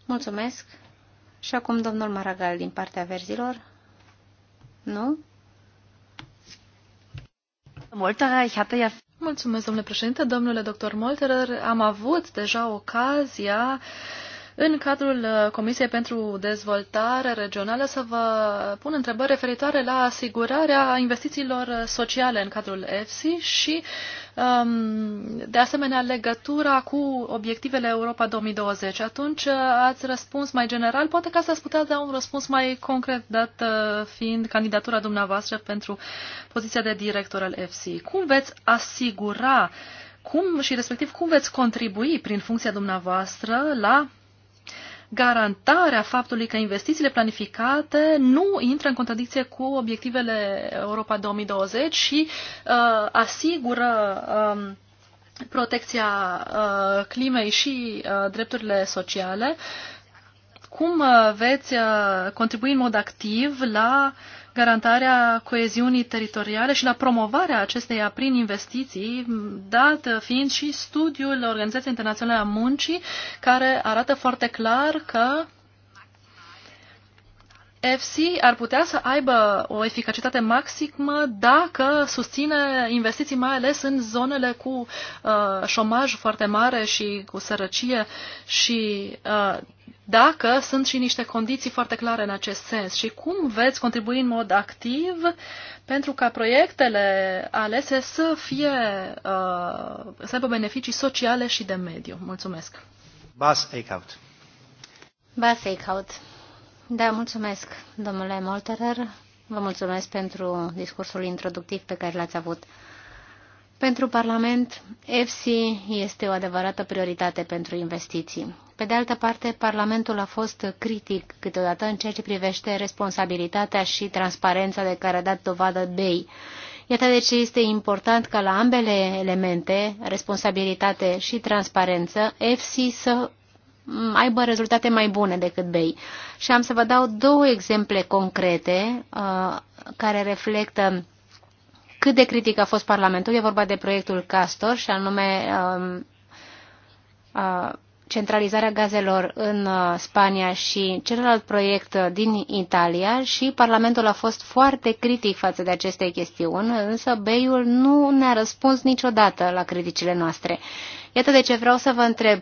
Mulțumesc. Și acum domnul Maragal din partea verzilor. Nu? Mulțumesc, domnule președinte, domnule doctor Molterer. Am avut deja ocazia în cadrul uh, Comisiei pentru Dezvoltare Regională să vă pun întrebări referitoare la asigurarea investițiilor uh, sociale în cadrul EFSI și, um, de asemenea, legătura cu obiectivele Europa 2020. Atunci uh, ați răspuns mai general, poate că ați putea da un răspuns mai concret, dat fiind candidatura dumneavoastră pentru poziția de director al EFSI. Cum veți asigura cum și respectiv cum veți contribui prin funcția dumneavoastră la garantarea faptului că investițiile planificate nu intră în contradicție cu obiectivele Europa 2020 și uh, asigură um, uh, protecția uh, climei și uh, drepturile sociale. Cum uh, veți uh, contribui în mod activ la uh, garantarea coeziunii teritoriale și la promovarea acesteia prin investiții, dat fiind și studiul Organizației Internaționale a Muncii, care arată foarte clar că FC ar putea să aibă o eficacitate maximă dacă susține investiții mai ales în zonele cu uh, șomaj foarte mare și cu sărăcie și uh, dacă sunt și niște condiții foarte clare în acest sens și cum veți contribui în mod activ pentru ca proiectele alese să fie uh, să aibă beneficii sociale și de mediu. Mulțumesc. Bas Eichhout. Bas Eichhout. Da, mulțumesc, domnule Molterer. Vă mulțumesc pentru discursul introductiv pe care l-ați avut. Pentru Parlament, EFSI este o adevărată prioritate pentru investiții. Pe de altă parte, Parlamentul a fost critic câteodată în ceea ce privește responsabilitatea și transparența de care a dat dovadă BEI. Iată de ce este important ca la ambele elemente, responsabilitate și transparență, EFSI să aibă rezultate mai bune decât BEI. Și am să vă dau două exemple concrete uh, care reflectă cât de critic a fost Parlamentul. E vorba de proiectul Castor și anume um, uh, centralizarea gazelor în uh, Spania și celălalt proiect uh, din Italia și Parlamentul a fost foarte critic față de aceste chestiuni, însă Beiul nu ne-a răspuns niciodată la criticile noastre. Iată de ce vreau să vă întreb,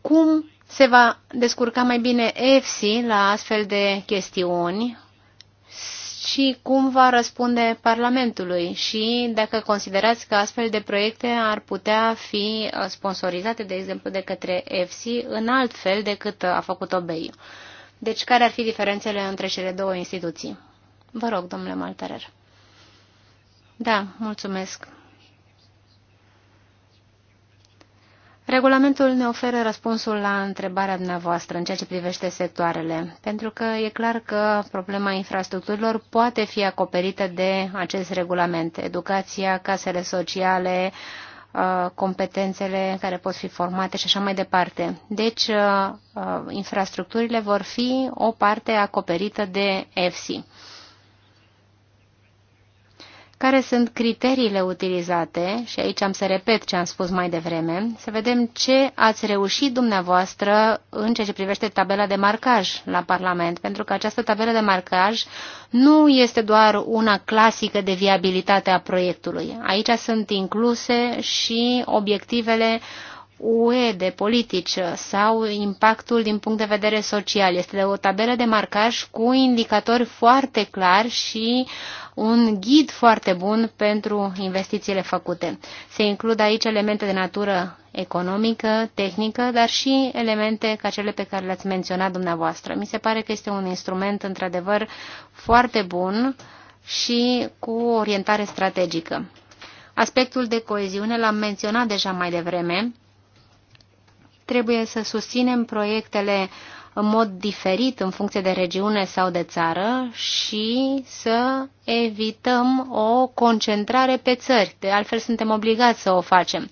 cum se va descurca mai bine EFSI la astfel de chestiuni și cum va răspunde Parlamentului și dacă considerați că astfel de proiecte ar putea fi uh, sponsorizate, de exemplu, de către EFSI în alt fel decât uh, a făcut OBEI. Deci, care ar fi diferențele între cele două instituții? Vă rog, domnule Malterer. Da, mulțumesc. Regulamentul ne oferă răspunsul la întrebarea dumneavoastră în ceea ce privește sectoarele, pentru că e clar că problema infrastructurilor poate fi acoperită de acest regulament. Educația, casele sociale, uh, competențele care pot fi formate și așa mai departe. Deci, uh, uh, infrastructurile vor fi o parte acoperită de EFSI care sunt criteriile utilizate, și aici am să repet ce am spus mai devreme, să vedem ce ați reușit dumneavoastră în ceea ce privește tabela de marcaj la Parlament, pentru că această tabelă de marcaj nu este doar una clasică de viabilitate a proiectului. Aici sunt incluse și obiectivele uh, UE de politici sau impactul din punct de vedere social. Este o tabelă de marcaj cu indicatori foarte clar și un ghid foarte bun pentru investițiile făcute. Se includ aici elemente de natură economică, tehnică, dar și elemente ca cele pe care le-ați menționat dumneavoastră. Mi se pare că este un instrument într-adevăr foarte bun și cu orientare strategică. Aspectul de coeziune l-am menționat deja mai devreme trebuie să susținem proiectele în mod diferit în funcție de regiune sau de țară și să evităm o concentrare pe țări. De altfel, suntem obligați să o facem.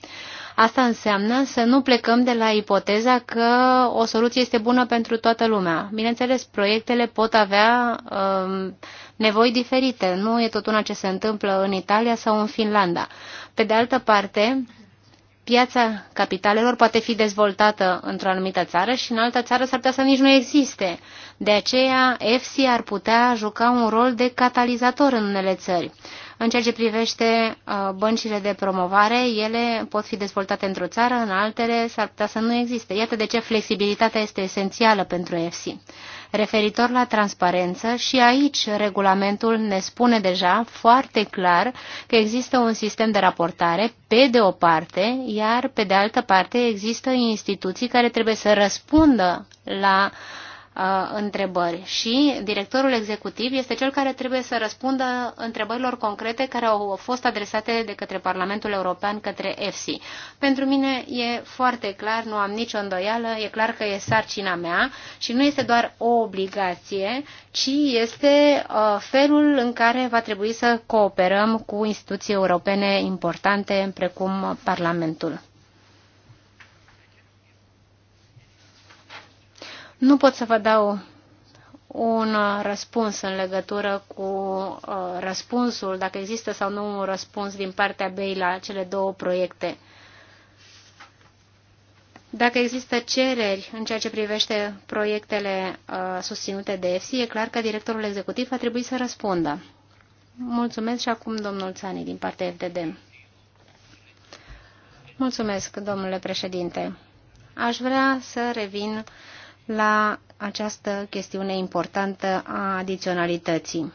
Asta înseamnă să nu plecăm de la ipoteza că o soluție este bună pentru toată lumea. Bineînțeles, proiectele pot avea um, nevoi diferite. Nu e tot una ce se întâmplă în Italia sau în Finlanda. Pe de altă parte, piața capitalelor poate fi dezvoltată într-o anumită țară și în altă țară s-ar putea să nici nu existe. De aceea, EFSI ar putea juca un rol de catalizator în unele țări. În ceea ce privește uh, băncile de promovare, ele pot fi dezvoltate într-o țară, în altele s-ar putea să nu existe. Iată de ce flexibilitatea este esențială pentru EFSI referitor la transparență și aici regulamentul ne spune deja foarte clar că există un sistem de raportare pe de o parte, iar pe de altă parte există instituții care trebuie să răspundă la uh, Uh, întrebări și directorul executiv este cel care trebuie să răspundă întrebărilor concrete care au fost adresate de către Parlamentul European către EFSI. Pentru mine e foarte clar, nu am nicio îndoială, e clar că e sarcina mea și nu este doar o obligație, ci este uh, felul în care va trebui să cooperăm cu instituții europene importante precum Parlamentul. Nu pot să vă dau un uh, răspuns în legătură cu uh, răspunsul, dacă există sau nu un răspuns din partea BEI la cele două proiecte. Dacă există cereri în ceea ce privește proiectele uh, susținute de EFSI, e clar că directorul executiv a trebuit să răspundă. Mulțumesc și acum domnul Țani din partea FDD. Mulțumesc, domnule președinte. Aș vrea să revin uh, la această chestiune importantă a adiționalității.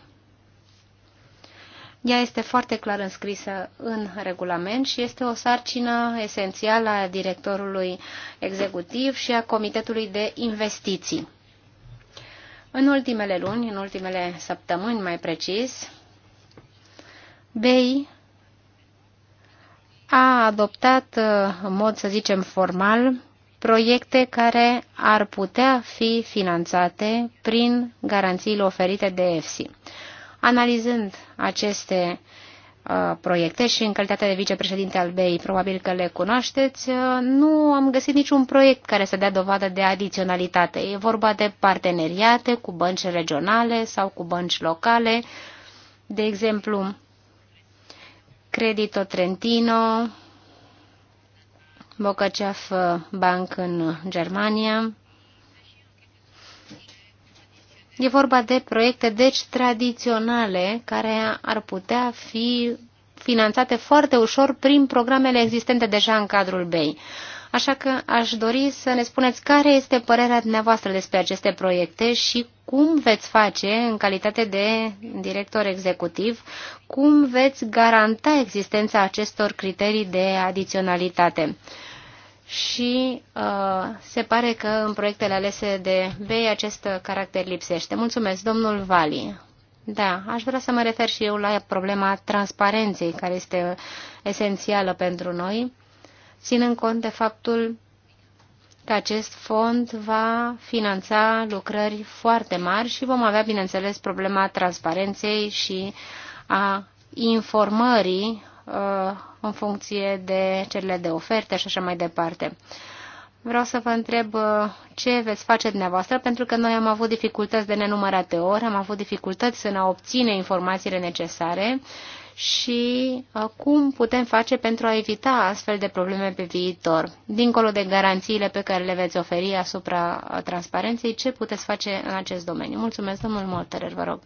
Ea este foarte clar înscrisă în regulament și este o sarcină esențială a directorului executiv și a Comitetului de Investiții. În ultimele luni, în ultimele săptămâni mai precis, BEI a adoptat în mod, să zicem, formal proiecte care ar putea fi finanțate prin garanțiile oferite de EFSI. Analizând aceste uh, proiecte și în calitate de vicepreședinte al BEI, probabil că le cunoașteți, uh, nu am găsit niciun proiect care să dea dovadă de adiționalitate. E vorba de parteneriate cu bănci regionale sau cu bănci locale, de exemplu, Credito Trentino Bocacef uh, Bank în Germania. E vorba de proiecte, deci, tradiționale, care ar putea fi finanțate foarte ușor prin programele existente deja în cadrul BEI. Așa că aș dori să ne spuneți care este părerea dumneavoastră despre aceste proiecte și cum veți face, în calitate de director executiv, cum veți garanta existența acestor criterii de adiționalitate și uh, se pare că în proiectele alese de BEI acest caracter lipsește. Mulțumesc, domnul Vali. Da, aș vrea să mă refer și eu la problema transparenței, care este esențială pentru noi, ținând cont de faptul că acest fond va finanța lucrări foarte mari și vom avea, bineînțeles, problema transparenței și a informării Uh, în funcție de cerile de oferte și așa mai departe. Vreau să vă întreb uh, ce veți face dumneavoastră, pentru că noi am avut dificultăți de nenumărate ori, am avut dificultăți în a obține informațiile necesare și uh, cum putem face pentru a evita astfel de probleme pe viitor. Dincolo de garanțiile pe care le veți oferi asupra transparenței, ce puteți face în acest domeniu? Mulțumesc, domnul Molterer, vă rog.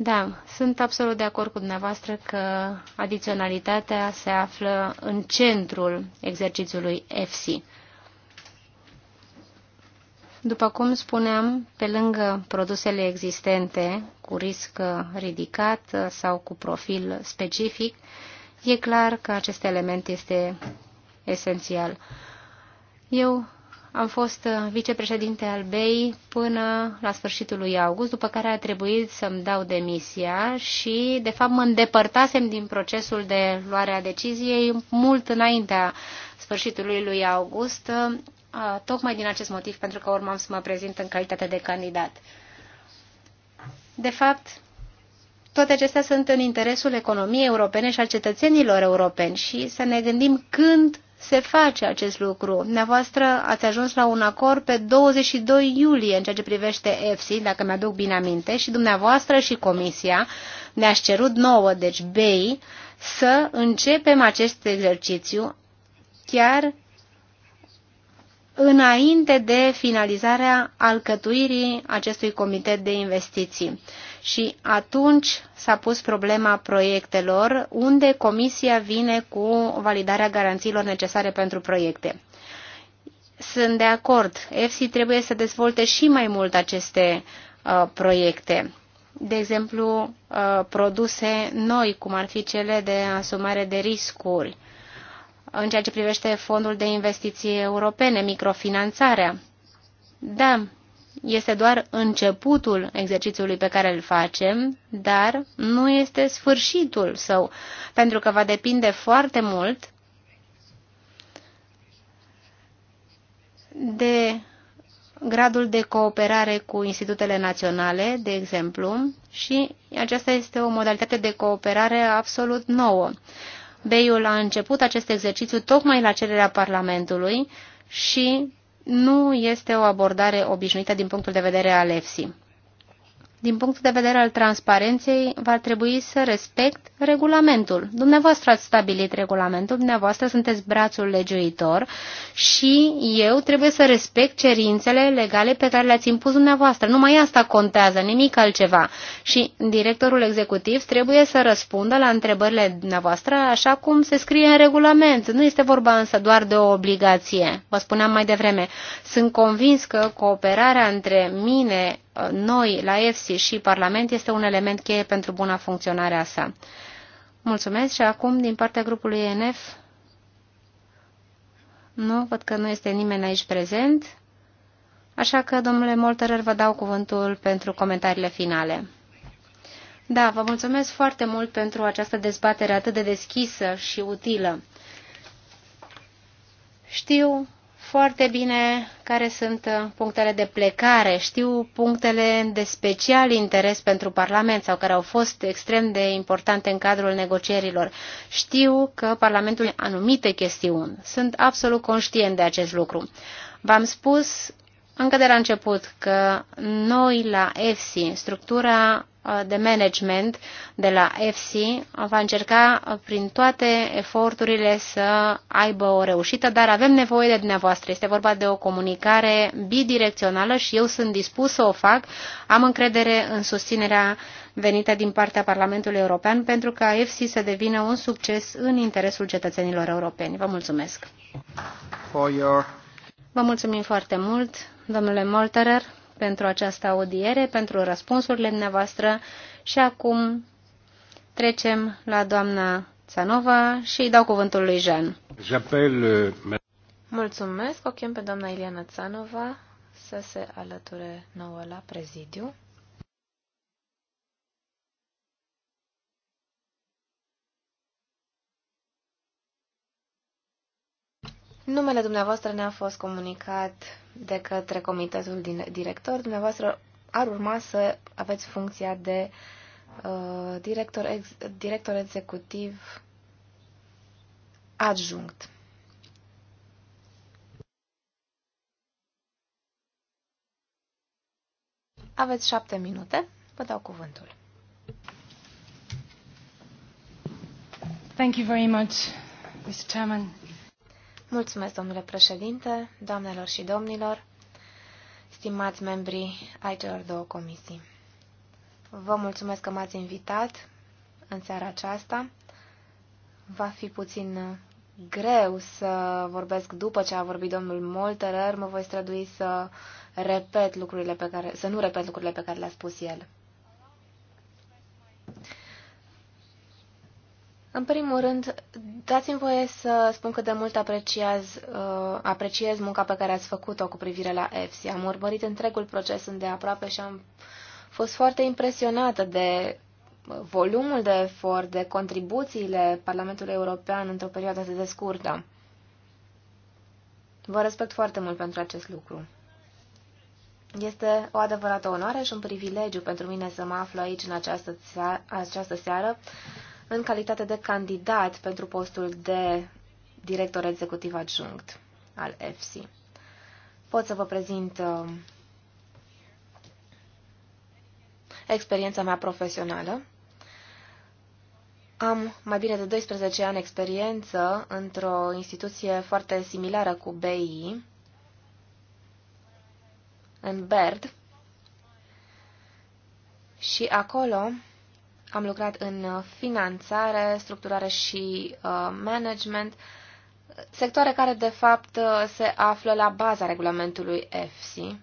Da, sunt absolut de acord cu dumneavoastră că adiționalitatea se află în centrul exercițiului FC. După cum spuneam, pe lângă produsele existente cu risc ridicat sau cu profil specific, e clar că acest element este esențial. Eu am fost uh, vicepreședinte al BEI până la sfârșitul lui august, după care a trebuit să-mi dau demisia și, de fapt, mă îndepărtasem din procesul de luare a deciziei mult înaintea sfârșitului lui august, uh, tocmai din acest motiv, pentru că urmam să mă prezint în calitate de candidat. De fapt, toate acestea sunt în interesul economiei europene și al cetățenilor europeni și să ne gândim când se face acest lucru. Dumneavoastră ați ajuns la un acord pe 22 iulie în ceea ce privește EFSI, dacă mi-aduc bine aminte, și dumneavoastră și Comisia ne-ați cerut nouă, deci BEI, să începem acest exercițiu chiar înainte de finalizarea alcătuirii acestui comitet de investiții. Și atunci s-a pus problema proiectelor, unde comisia vine cu validarea garanțiilor necesare pentru proiecte. Sunt de acord, EFSI trebuie să dezvolte și mai mult aceste uh, proiecte. De exemplu, uh, produse noi, cum ar fi cele de asumare de riscuri, în ceea ce privește fondul de investiții europene, microfinanțarea. Da, este doar începutul exercițiului pe care îl facem, dar nu este sfârșitul său, pentru că va depinde foarte mult de gradul de cooperare cu institutele naționale, de exemplu, și aceasta este o modalitate de cooperare absolut nouă. Beiul a început acest exercițiu tocmai la cererea Parlamentului și nu este o abordare obișnuită din punctul de vedere al EFSI din punct de vedere al transparenței, va trebui să respect regulamentul. Dumneavoastră ați stabilit regulamentul, dumneavoastră sunteți brațul legiuitor și eu trebuie să respect cerințele legale pe care le-ați impus dumneavoastră. Numai asta contează, nimic altceva. Și directorul executiv trebuie să răspundă la întrebările dumneavoastră așa cum se scrie în regulament. Nu este vorba însă doar de o obligație. Vă spuneam mai devreme, sunt convins că cooperarea între mine noi la EFSI și Parlament este un element cheie pentru buna funcționare a sa. Mulțumesc și acum din partea grupului ENF. Nu, văd că nu este nimeni aici prezent. Așa că, domnule Molterer, vă dau cuvântul pentru comentariile finale. Da, vă mulțumesc foarte mult pentru această dezbatere atât de deschisă și utilă. Știu foarte bine care sunt uh, punctele de plecare. Știu punctele de special interes pentru Parlament sau care au fost extrem de importante în cadrul negocierilor. Știu că Parlamentul anumite chestiuni. Sunt absolut conștient de acest lucru. V-am spus încă de la început că noi la EFSI, structura Uh, de management de la FC uh, va încerca uh, prin toate eforturile să aibă o reușită, dar avem nevoie de dumneavoastră. Este vorba de o comunicare bidirecțională și eu sunt dispus să o fac. Am încredere în susținerea venită din partea Parlamentului European pentru ca FC să devină un succes în interesul cetățenilor europeni. Vă mulțumesc! Vă mulțumim foarte mult, domnule Molterer pentru această audiere, pentru răspunsurile dumneavoastră și acum trecem la doamna Țanova și îi dau cuvântul lui Jean. Euh, Mulțumesc, o chem pe doamna Iliana Țanova să se alăture nouă la prezidiu. Numele dumneavoastră ne-a fost comunicat de către comitetul din director. Dumneavoastră ar urma să aveți funcția de uh, director, ex, director executiv adjunct. Aveți șapte minute. Vă dau cuvântul. Thank you very much, Mr. Chairman. Mulțumesc, domnule președinte, doamnelor și domnilor, stimați membri ai celor două comisii. Vă mulțumesc că m-ați invitat în seara aceasta. Va fi puțin greu să vorbesc după ce a vorbit domnul Molterer, mă voi strădui să repet lucrurile pe care, să nu repet lucrurile pe care le-a spus el. În primul rând, dați-mi voie să spun cât de mult apreciez, uh, apreciez munca pe care ați făcut-o cu privire la EFSI. Am urmărit întregul proces îndeaproape și am fost foarte impresionată de volumul de efort, de contribuțiile Parlamentului European într-o perioadă atât de scurtă. Vă respect foarte mult pentru acest lucru. Este o adevărată onoare și un privilegiu pentru mine să mă aflu aici în această, această seară în calitate de candidat pentru postul de director executiv adjunct al EFSI. Pot să vă prezint um, experiența mea profesională. Am mai bine de 12 ani experiență într-o instituție foarte similară cu BI, în BERD, și acolo am lucrat în uh, finanțare, structurare și uh, management, sectoare care de fapt uh, se află la baza regulamentului EFSI.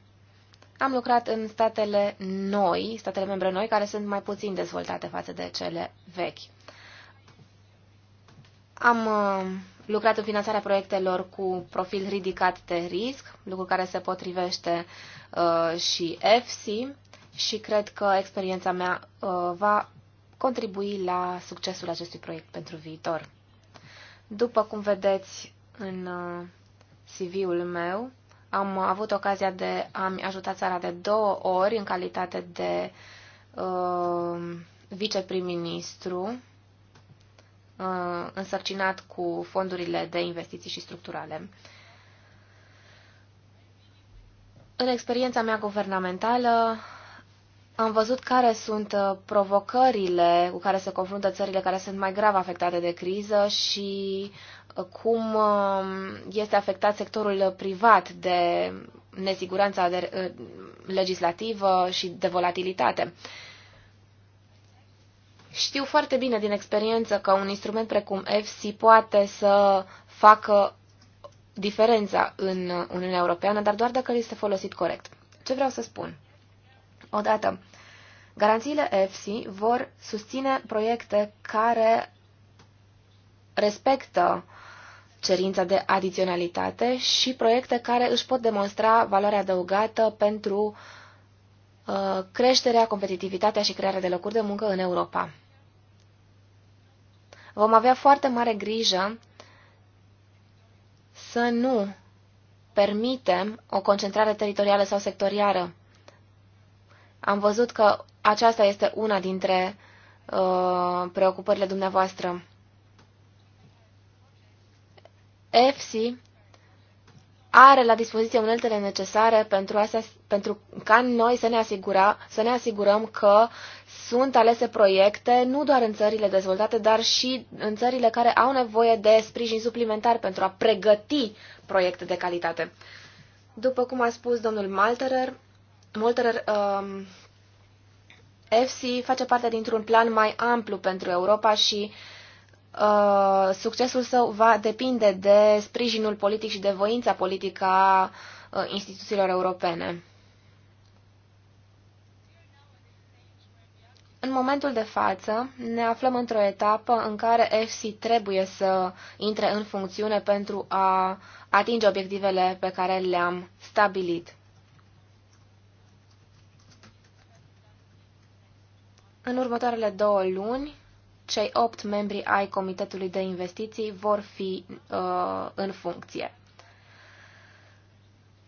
Am lucrat în statele noi, statele membre noi, care sunt mai puțin dezvoltate față de cele vechi. Am lucrat în finanțarea proiectelor cu profil ridicat de risc, lucru care se potrivește uh, și EFSI și cred că experiența mea uh, va contribui la succesul acestui proiect pentru viitor. După cum vedeți în uh, CV-ul meu, am avut ocazia de a-mi ajuta țara de două ori în calitate de uh, viceprim-ministru uh, însărcinat cu fondurile de investiții și structurale. În experiența mea guvernamentală am văzut care sunt uh, provocările cu care se confruntă țările care sunt mai grav afectate de criză și uh, cum um, este afectat sectorul privat de nesiguranța de, uh, legislativă și de volatilitate. Știu foarte bine din experiență că un instrument precum EFSI poate să facă diferența în Uniunea Europeană, dar doar dacă este folosit corect. Ce vreau să spun? odată. Garanțiile EFSI vor susține proiecte care respectă cerința de adiționalitate și proiecte care își pot demonstra valoarea adăugată pentru uh, creșterea, competitivitatea și crearea de locuri de muncă în Europa. Vom avea foarte mare grijă să nu permitem o concentrare teritorială sau sectorială am văzut că aceasta este una dintre uh, preocupările dumneavoastră. EFSI are la dispoziție uneltele necesare pentru, astea, pentru ca noi să ne, asigura, să ne asigurăm că sunt alese proiecte nu doar în țările dezvoltate, dar și în țările care au nevoie de sprijin suplimentar pentru a pregăti proiecte de calitate. După cum a spus domnul Malterer, multe um, uh, EFSI face parte dintr-un plan mai amplu pentru Europa și uh, succesul său va depinde de sprijinul politic și de voința politică a uh, instituțiilor europene. În momentul de față ne aflăm într-o etapă în care EFSI trebuie să intre în funcțiune pentru a atinge obiectivele pe care le-am stabilit. În următoarele două luni, cei opt membri ai Comitetului de Investiții vor fi uh, în funcție.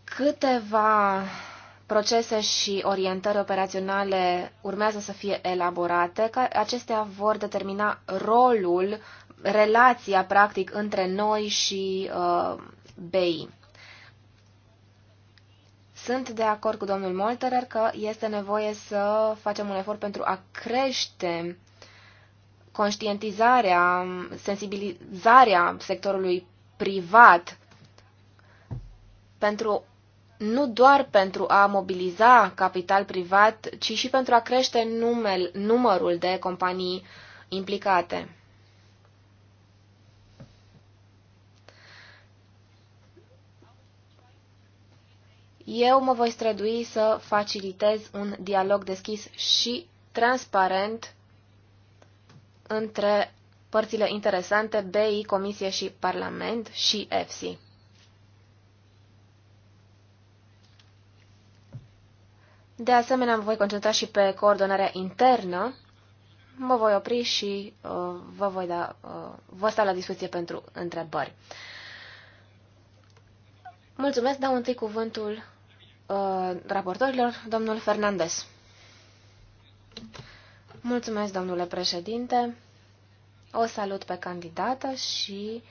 Câteva procese și orientări operaționale urmează să fie elaborate, acestea vor determina rolul, relația practic între noi și uh, BI. Sunt de acord cu domnul Molterer că este nevoie să facem un efort pentru a crește conștientizarea, sensibilizarea sectorului privat pentru nu doar pentru a mobiliza capital privat, ci și pentru a crește numel, numărul de companii implicate. Eu mă voi strădui să facilitez un dialog deschis și transparent între părțile interesante, BI, Comisie și Parlament și EFSI. De asemenea, mă voi concentra și pe coordonarea internă. Mă voi opri și uh, vă voi da, uh, vă sta la discuție pentru întrebări. Mulțumesc, dau întâi cuvântul Uh, raportorilor, domnul Fernandez. Mulțumesc, domnule președinte. O salut pe candidată și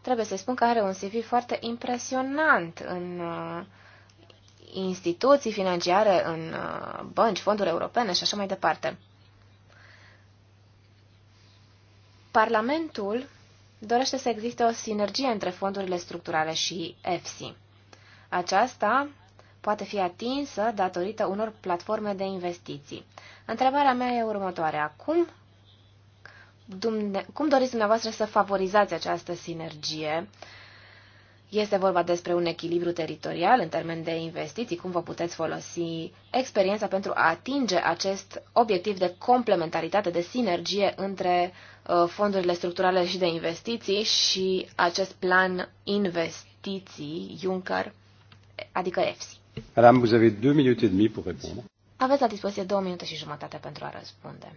trebuie să spun că are un CV foarte impresionant în uh, instituții financiare, în uh, bănci, fonduri europene și așa mai departe. Parlamentul dorește să existe o sinergie între fondurile structurale și EFSI. Aceasta poate fi atinsă datorită unor platforme de investiții. Întrebarea mea e următoarea. Cum, dumne, cum doriți dumneavoastră să favorizați această sinergie? Este vorba despre un echilibru teritorial în termen de investiții, cum vă puteți folosi experiența pentru a atinge acest obiectiv de complementaritate, de sinergie între uh, fondurile structurale și de investiții și acest plan investiții Juncker, adică EFSI. Madame, vous avez deux minutes et demie pour répondre. Aveți la dispoziție două minute și jumătate pentru a răspunde.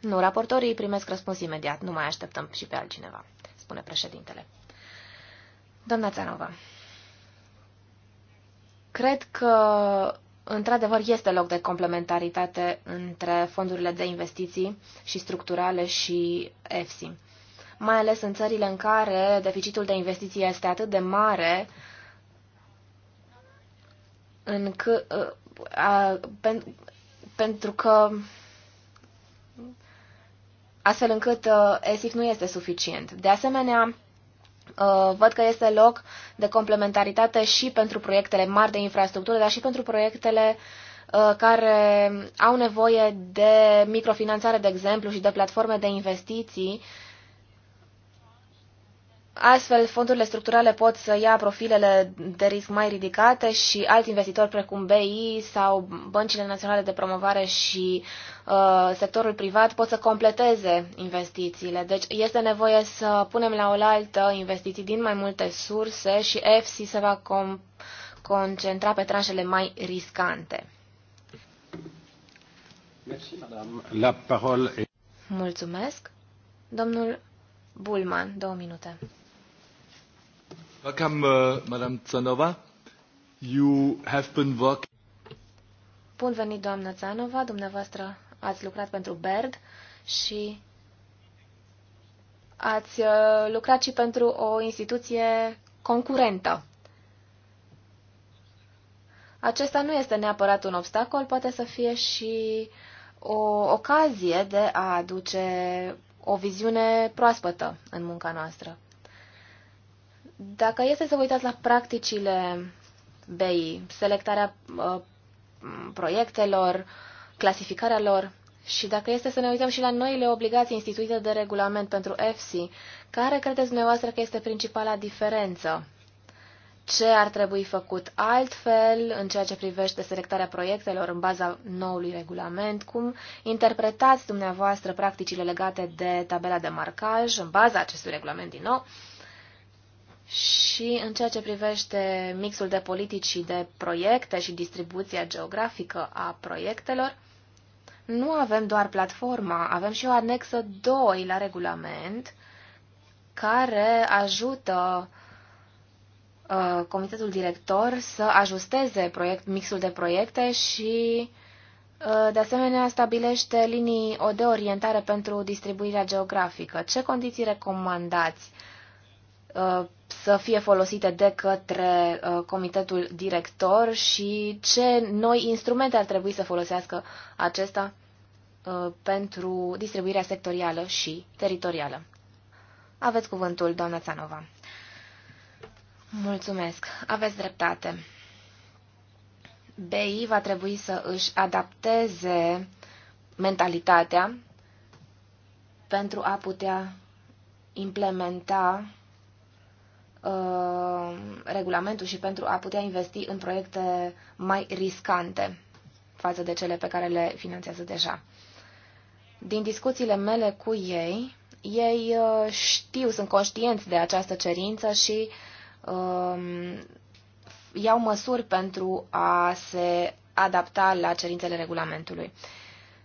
Nu, raportorii primesc răspuns imediat, nu mai așteptăm și pe altcineva, spune președintele. Doamna Țanova, cred că într-adevăr este loc de complementaritate între fondurile de investiții și structurale și EFSI, mai ales în țările în care deficitul de investiții este atât de mare în că, ă, a, pen, pentru că astfel încât ă, ESIF nu este suficient. De asemenea, ă, văd că este loc de complementaritate și pentru proiectele mari de infrastructură, dar și pentru proiectele care au nevoie de microfinanțare, de exemplu, și de platforme de investiții Astfel, fondurile structurale pot să ia profilele de risc mai ridicate și alți investitori precum BI sau băncile naționale de promovare și uh, sectorul privat pot să completeze investițiile. Deci este nevoie să punem la oaltă investiții din mai multe surse și EFSI se va concentra pe tranșele mai riscante. Mulțumesc. Domnul Bulman, două minute. Welcome, uh, Madame Zanova. You have been working... Bun venit, doamnă Zanova. Dumneavoastră ați lucrat pentru BERD și ați uh, lucrat și pentru o instituție concurentă. Acesta nu este neapărat un obstacol, poate să fie și o ocazie de a aduce o viziune proaspătă în munca noastră. Dacă este să vă uitați la practicile BI, selectarea ă, proiectelor, clasificarea lor, și dacă este să ne uităm și la noile obligații instituite de regulament pentru EFSI, care credeți dumneavoastră că este principala diferență? Ce ar trebui făcut altfel în ceea ce privește selectarea proiectelor în baza noului regulament? Cum interpretați dumneavoastră practicile legate de tabela de marcaj în baza acestui regulament din nou? Și în ceea ce privește mixul de politici și de proiecte și distribuția geografică a proiectelor, nu avem doar platforma, avem și o anexă 2 la regulament care ajută uh, comitetul director să ajusteze proiect, mixul de proiecte și uh, de asemenea stabilește linii de orientare pentru distribuirea geografică. Ce condiții recomandați? Uh, să fie folosite de către uh, comitetul director și ce noi instrumente ar trebui să folosească acesta uh, pentru distribuirea sectorială și teritorială. Aveți cuvântul, doamna Țanova. Mulțumesc. Aveți dreptate. BI va trebui să își adapteze mentalitatea pentru a putea implementa Uh, regulamentul și pentru a putea investi în proiecte mai riscante față de cele pe care le finanțează deja. Din discuțiile mele cu ei, ei uh, știu, sunt conștienți de această cerință și um, iau măsuri pentru a se adapta la cerințele regulamentului.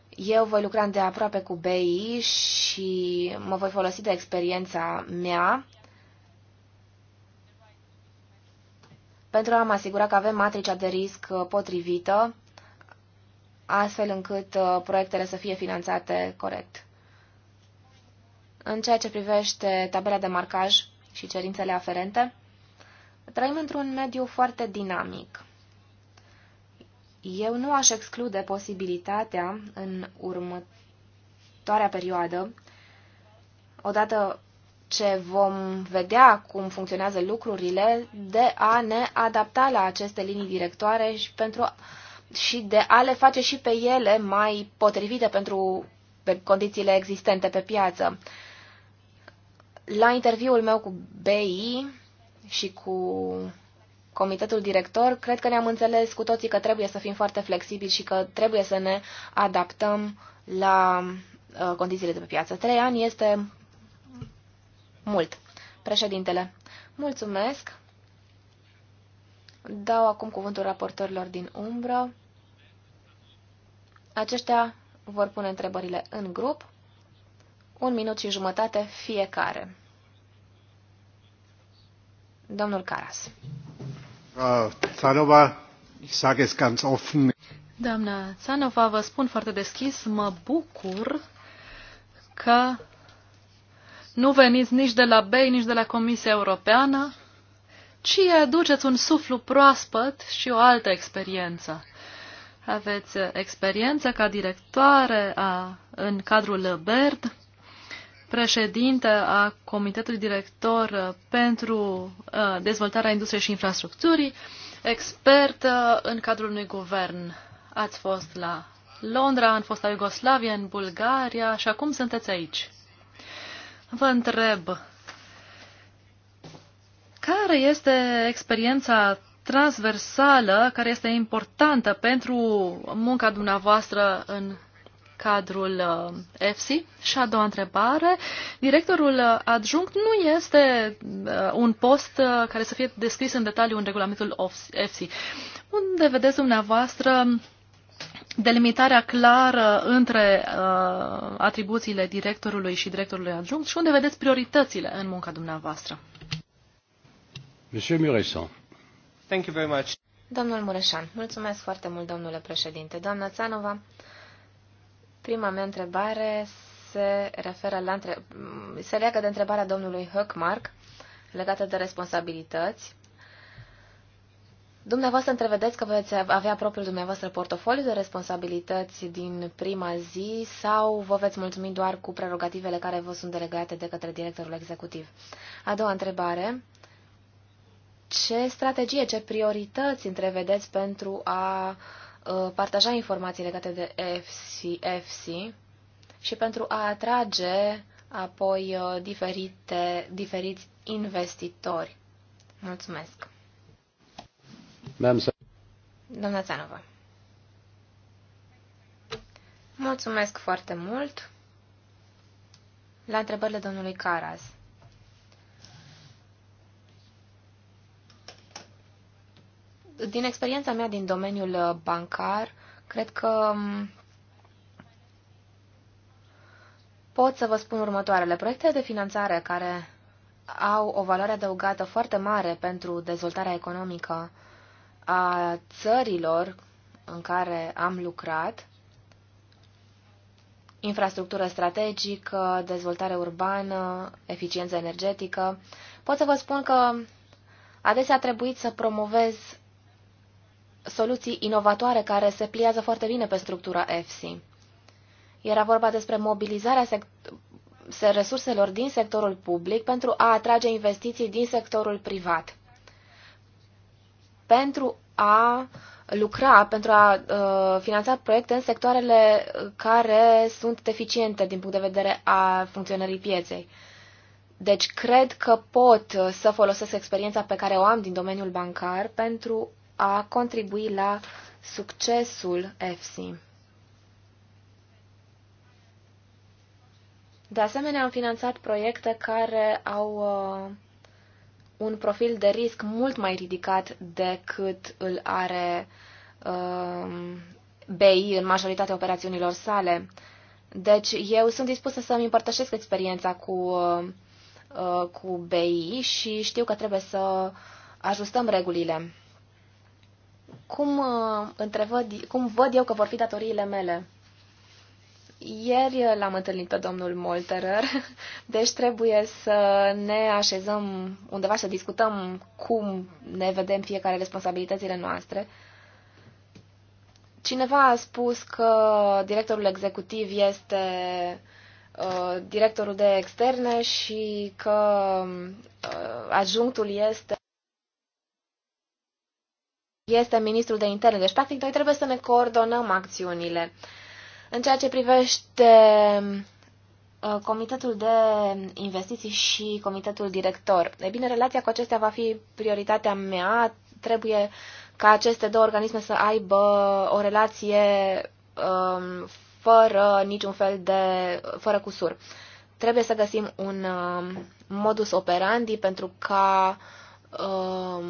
Eu voi lucra de aproape cu BI și mă voi folosi de experiența mea pentru a mă asigura că avem matricea de risc uh, potrivită, astfel încât uh, proiectele să fie finanțate corect. În ceea ce privește tabela de marcaj și cerințele aferente, trăim într-un mediu foarte dinamic. Eu nu aș exclude posibilitatea în următoarea perioadă, odată ce vom vedea cum funcționează lucrurile, de a ne adapta la aceste linii directoare și, pentru, și de a le face și pe ele mai potrivite pentru condițiile existente pe piață. La interviul meu cu BI și cu comitetul director, cred că ne-am înțeles cu toții că trebuie să fim foarte flexibili și că trebuie să ne adaptăm la uh, condițiile de pe piață. Trei ani este mult. Președintele, mulțumesc. Dau acum cuvântul raportorilor din umbră. Aceștia vor pune întrebările în grup. Un minut și jumătate fiecare. Domnul Caras. Țanova, ich Doamna Țanova, vă spun foarte deschis, mă bucur că nu veniți nici de la BEI, nici de la Comisia Europeană, ci aduceți un suflu proaspăt și o altă experiență. Aveți experiență ca directoare a, în cadrul BERD, președinte a Comitetului Director pentru Dezvoltarea Industriei și Infrastructurii, expert în cadrul unui guvern. Ați fost la Londra, în fosta Iugoslavie, în Bulgaria și acum sunteți aici vă întreb care este experiența transversală care este importantă pentru munca dumneavoastră în cadrul EFSI? Uh, Și a doua întrebare, directorul adjunct nu este uh, un post uh, care să fie descris în detaliu în regulamentul EFSI. Unde vedeți dumneavoastră delimitarea clară între uh, atribuțiile directorului și directorului adjunct și unde vedeți prioritățile în munca dumneavoastră. Monsieur Mureșan. Thank you very much. Domnul Mureșan, mulțumesc foarte mult, domnule președinte. Doamna Țanova, prima mea întrebare se referă la între... se leagă de întrebarea domnului Höckmark legată de responsabilități Dumneavoastră întrevedeți că veți avea propriul dumneavoastră portofoliu de responsabilități din prima zi sau vă veți mulțumi doar cu prerogativele care vă sunt delegate de către directorul executiv? A doua întrebare. Ce strategie, ce priorități întrevedeți pentru a ă, partaja informații legate de FC, FC și pentru a atrage apoi ă, diferite, diferiți investitori? Mulțumesc! Doamna Țanova. Mulțumesc foarte mult la întrebările domnului Caras. Din experiența mea din domeniul uh, bancar, cred că um, pot să vă spun următoarele. Proiectele de finanțare care au o valoare adăugată foarte mare pentru dezvoltarea economică a țărilor în care am lucrat, infrastructură strategică, dezvoltare urbană, eficiență energetică, pot să vă spun că adesea a trebuit să promovez soluții inovatoare care se pliază foarte bine pe structura EFSI. Era vorba despre mobilizarea resurselor din sectorul public pentru a atrage investiții din sectorul privat pentru a lucra, pentru a uh, finanța proiecte în sectoarele care sunt deficiente din punct de vedere a funcționării pieței. Deci cred că pot să folosesc experiența pe care o am din domeniul bancar pentru a contribui la succesul EFSI. De asemenea, am finanțat proiecte care au uh, un profil de risc mult mai ridicat decât îl are uh, um, BI în majoritatea operațiunilor sale. Deci eu sunt dispusă să-mi împărtășesc experiența cu, uh, cu BI și știu că trebuie să ajustăm regulile. Cum, uh, întrevăd, cum văd eu că vor fi datoriile mele? Ieri l-am întâlnit pe domnul Molterer, deci trebuie să ne așezăm undeva să discutăm cum ne vedem fiecare responsabilitățile noastre. Cineva a spus că directorul executiv este uh, directorul de externe și că uh, adjunctul este este ministrul de interne. Deci, practic, noi trebuie să ne coordonăm acțiunile. Uh, în ceea ce privește uh, Comitetul de Investiții și Comitetul Director. E bine, relația cu acestea va fi prioritatea mea. Trebuie ca aceste două organisme să aibă o relație um, fără niciun fel de. fără cusur. Trebuie să găsim un um, modus operandi pentru ca um,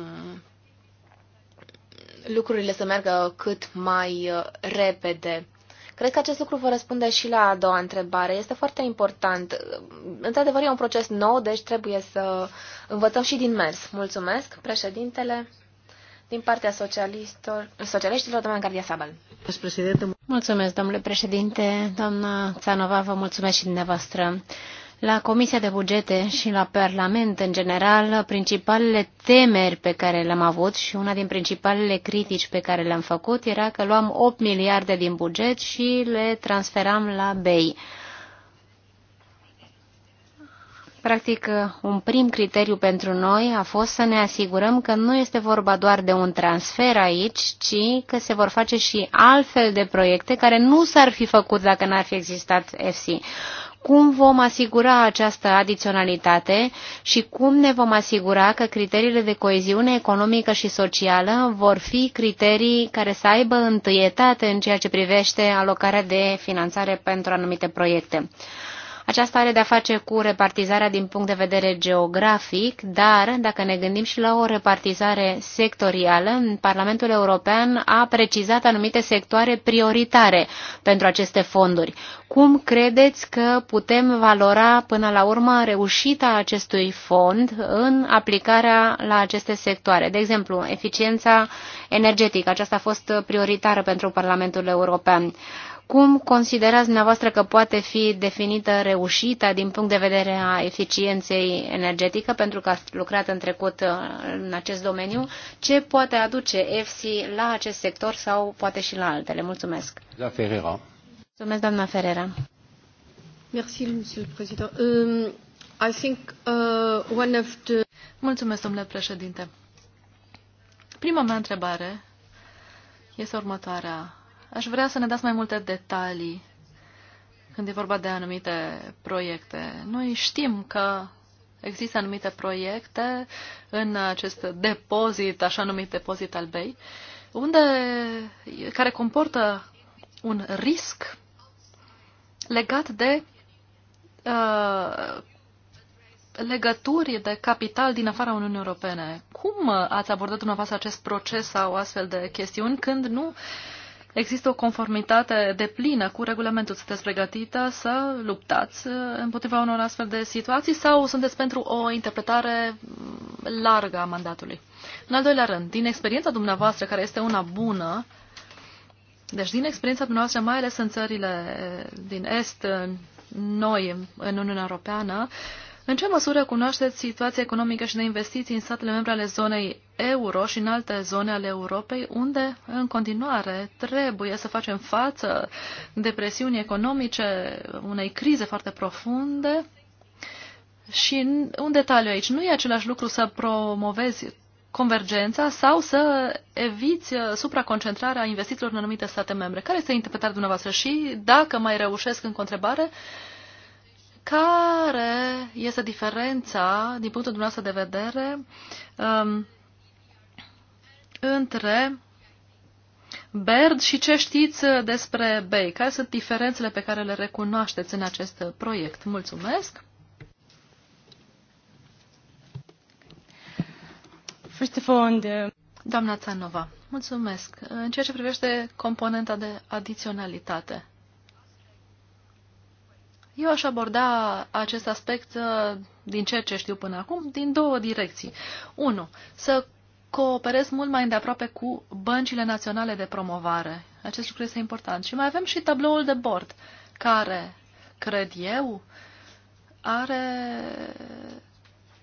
lucrurile să meargă cât mai uh, repede. Cred că acest lucru vă răspunde și la a doua întrebare. Este foarte important. Într-adevăr, e un proces nou, deci trebuie să învățăm și din mers. Mulțumesc, președintele. Din partea socialiștilor, doamna Gardia Sabal. Mulțumesc, domnule președinte. Doamna Țanova, vă mulțumesc și dumneavoastră. La Comisia de Bugete și la Parlament, în general, principalele temeri pe care le-am avut și una din principalele critici pe care le-am făcut era că luam 8 miliarde din buget și le transferam la BEI. Practic, uh, un prim criteriu pentru noi a fost să ne asigurăm că nu este vorba doar de un transfer aici, ci că se vor face și altfel de proiecte care nu s-ar fi făcut dacă n-ar fi existat FC. Cum vom asigura această adiționalitate și cum ne vom asigura că criteriile de coeziune economică și socială vor fi criterii care să aibă întâietate în ceea ce privește alocarea de finanțare pentru anumite proiecte? Aceasta are de-a face cu repartizarea din punct de vedere geografic, dar dacă ne gândim și la o repartizare sectorială, Parlamentul European a precizat anumite sectoare prioritare pentru aceste fonduri. Cum credeți că putem valora până la urmă reușita acestui fond în aplicarea la aceste sectoare? De exemplu, eficiența energetică. Aceasta a fost prioritară pentru Parlamentul European cum considerați dumneavoastră că poate fi definită reușita din punct de vedere a eficienței energetică, pentru că ați lucrat în trecut uh, în acest domeniu? Ce poate aduce EFSI la acest sector sau poate și la altele? Mulțumesc. La Ferreira. Mulțumesc, doamna Ferreira. Merci, Um, I think uh, one of the... Mulțumesc, domnule președinte. Prima mea întrebare este următoarea Aș vrea să ne dați mai multe detalii când e vorba de anumite proiecte. Noi știm că există anumite proiecte în acest depozit, așa numit depozit al BEI, unde, care comportă un risc legat de uh, legături de capital din afara Uniunii Europene. Cum ați abordat dumneavoastră acest proces sau astfel de chestiuni când nu uh, există o conformitate de plină cu regulamentul. Sunteți pregătită să luptați uh, împotriva unor astfel de situații sau sunteți pentru o interpretare mm, largă a mandatului? În al doilea rând, din experiența dumneavoastră, care este una bună, deci din experiența dumneavoastră, mai ales în țările din Est, noi, în Uniunea Europeană, uh, în ce măsură cunoașteți situația economică și de investiții în statele membre ale zonei euro și în alte zone ale Europei, unde în continuare trebuie să facem față depresiunii economice, unei crize foarte profunde? Și un detaliu aici, nu e același lucru să promovezi convergența sau să eviți supraconcentrarea investițiilor în anumite state membre. Care este interpretarea dumneavoastră și dacă mai reușesc în întrebare, care este diferența, din punctul dumneavoastră de vedere, um, între BERD și ce știți despre BEI? Care sunt diferențele pe care le recunoașteți în acest proiect? Mulțumesc! First of all, the... Doamna Țanova, mulțumesc. În ceea ce privește componenta de adiționalitate, eu aș aborda acest aspect uh, din ceea ce știu până acum, din două direcții. 1. Să cooperez mult mai îndeaproape cu băncile naționale de promovare. Acest lucru este important. Și mai avem și tabloul de bord, care, cred eu, are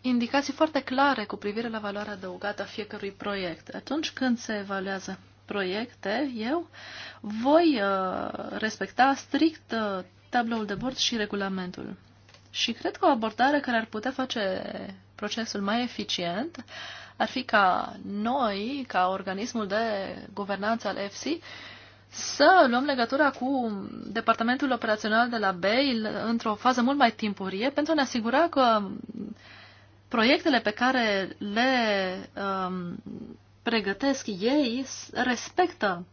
indicații foarte clare cu privire la valoarea adăugată a fiecărui proiect. Atunci când se evaluează proiecte, eu voi uh, respecta strict uh, tabloul de bord și regulamentul. Și cred că o abordare care ar putea face procesul mai eficient ar fi ca noi, ca organismul de guvernanță al EFSI, să luăm legătura cu departamentul operațional de la BEI într-o fază mult mai timpurie pentru a ne asigura că proiectele pe care le um, pregătesc ei respectă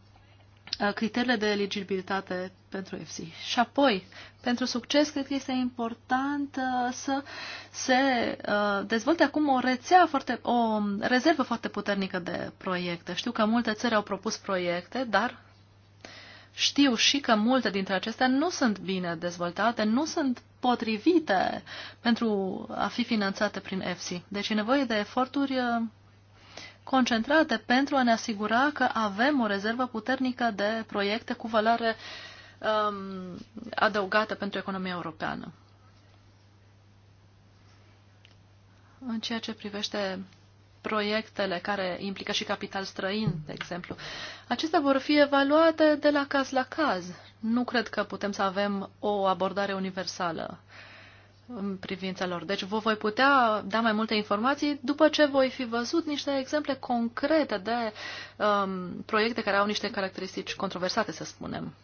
Uh, criteriile de eligibilitate pentru FC. Și apoi, pentru succes, cred că este important uh, să se uh, dezvolte acum o rețea foarte, o rezervă foarte puternică de proiecte. Știu că multe țări au propus proiecte, dar știu și că multe dintre acestea nu sunt bine dezvoltate, nu sunt potrivite pentru a fi finanțate prin EFSI. Deci e nevoie de eforturi concentrate pentru a ne asigura că avem o rezervă puternică de proiecte cu valoare um, adăugată pentru economia europeană. În ceea ce privește proiectele care implică și capital străin, de exemplu. Acestea vor fi evaluate de la caz la caz. Nu cred că putem să avem o abordare universală în privința lor. Deci vă voi putea da mai multe informații după ce voi fi văzut niște exemple concrete de um, proiecte care au niște caracteristici controversate, să spunem.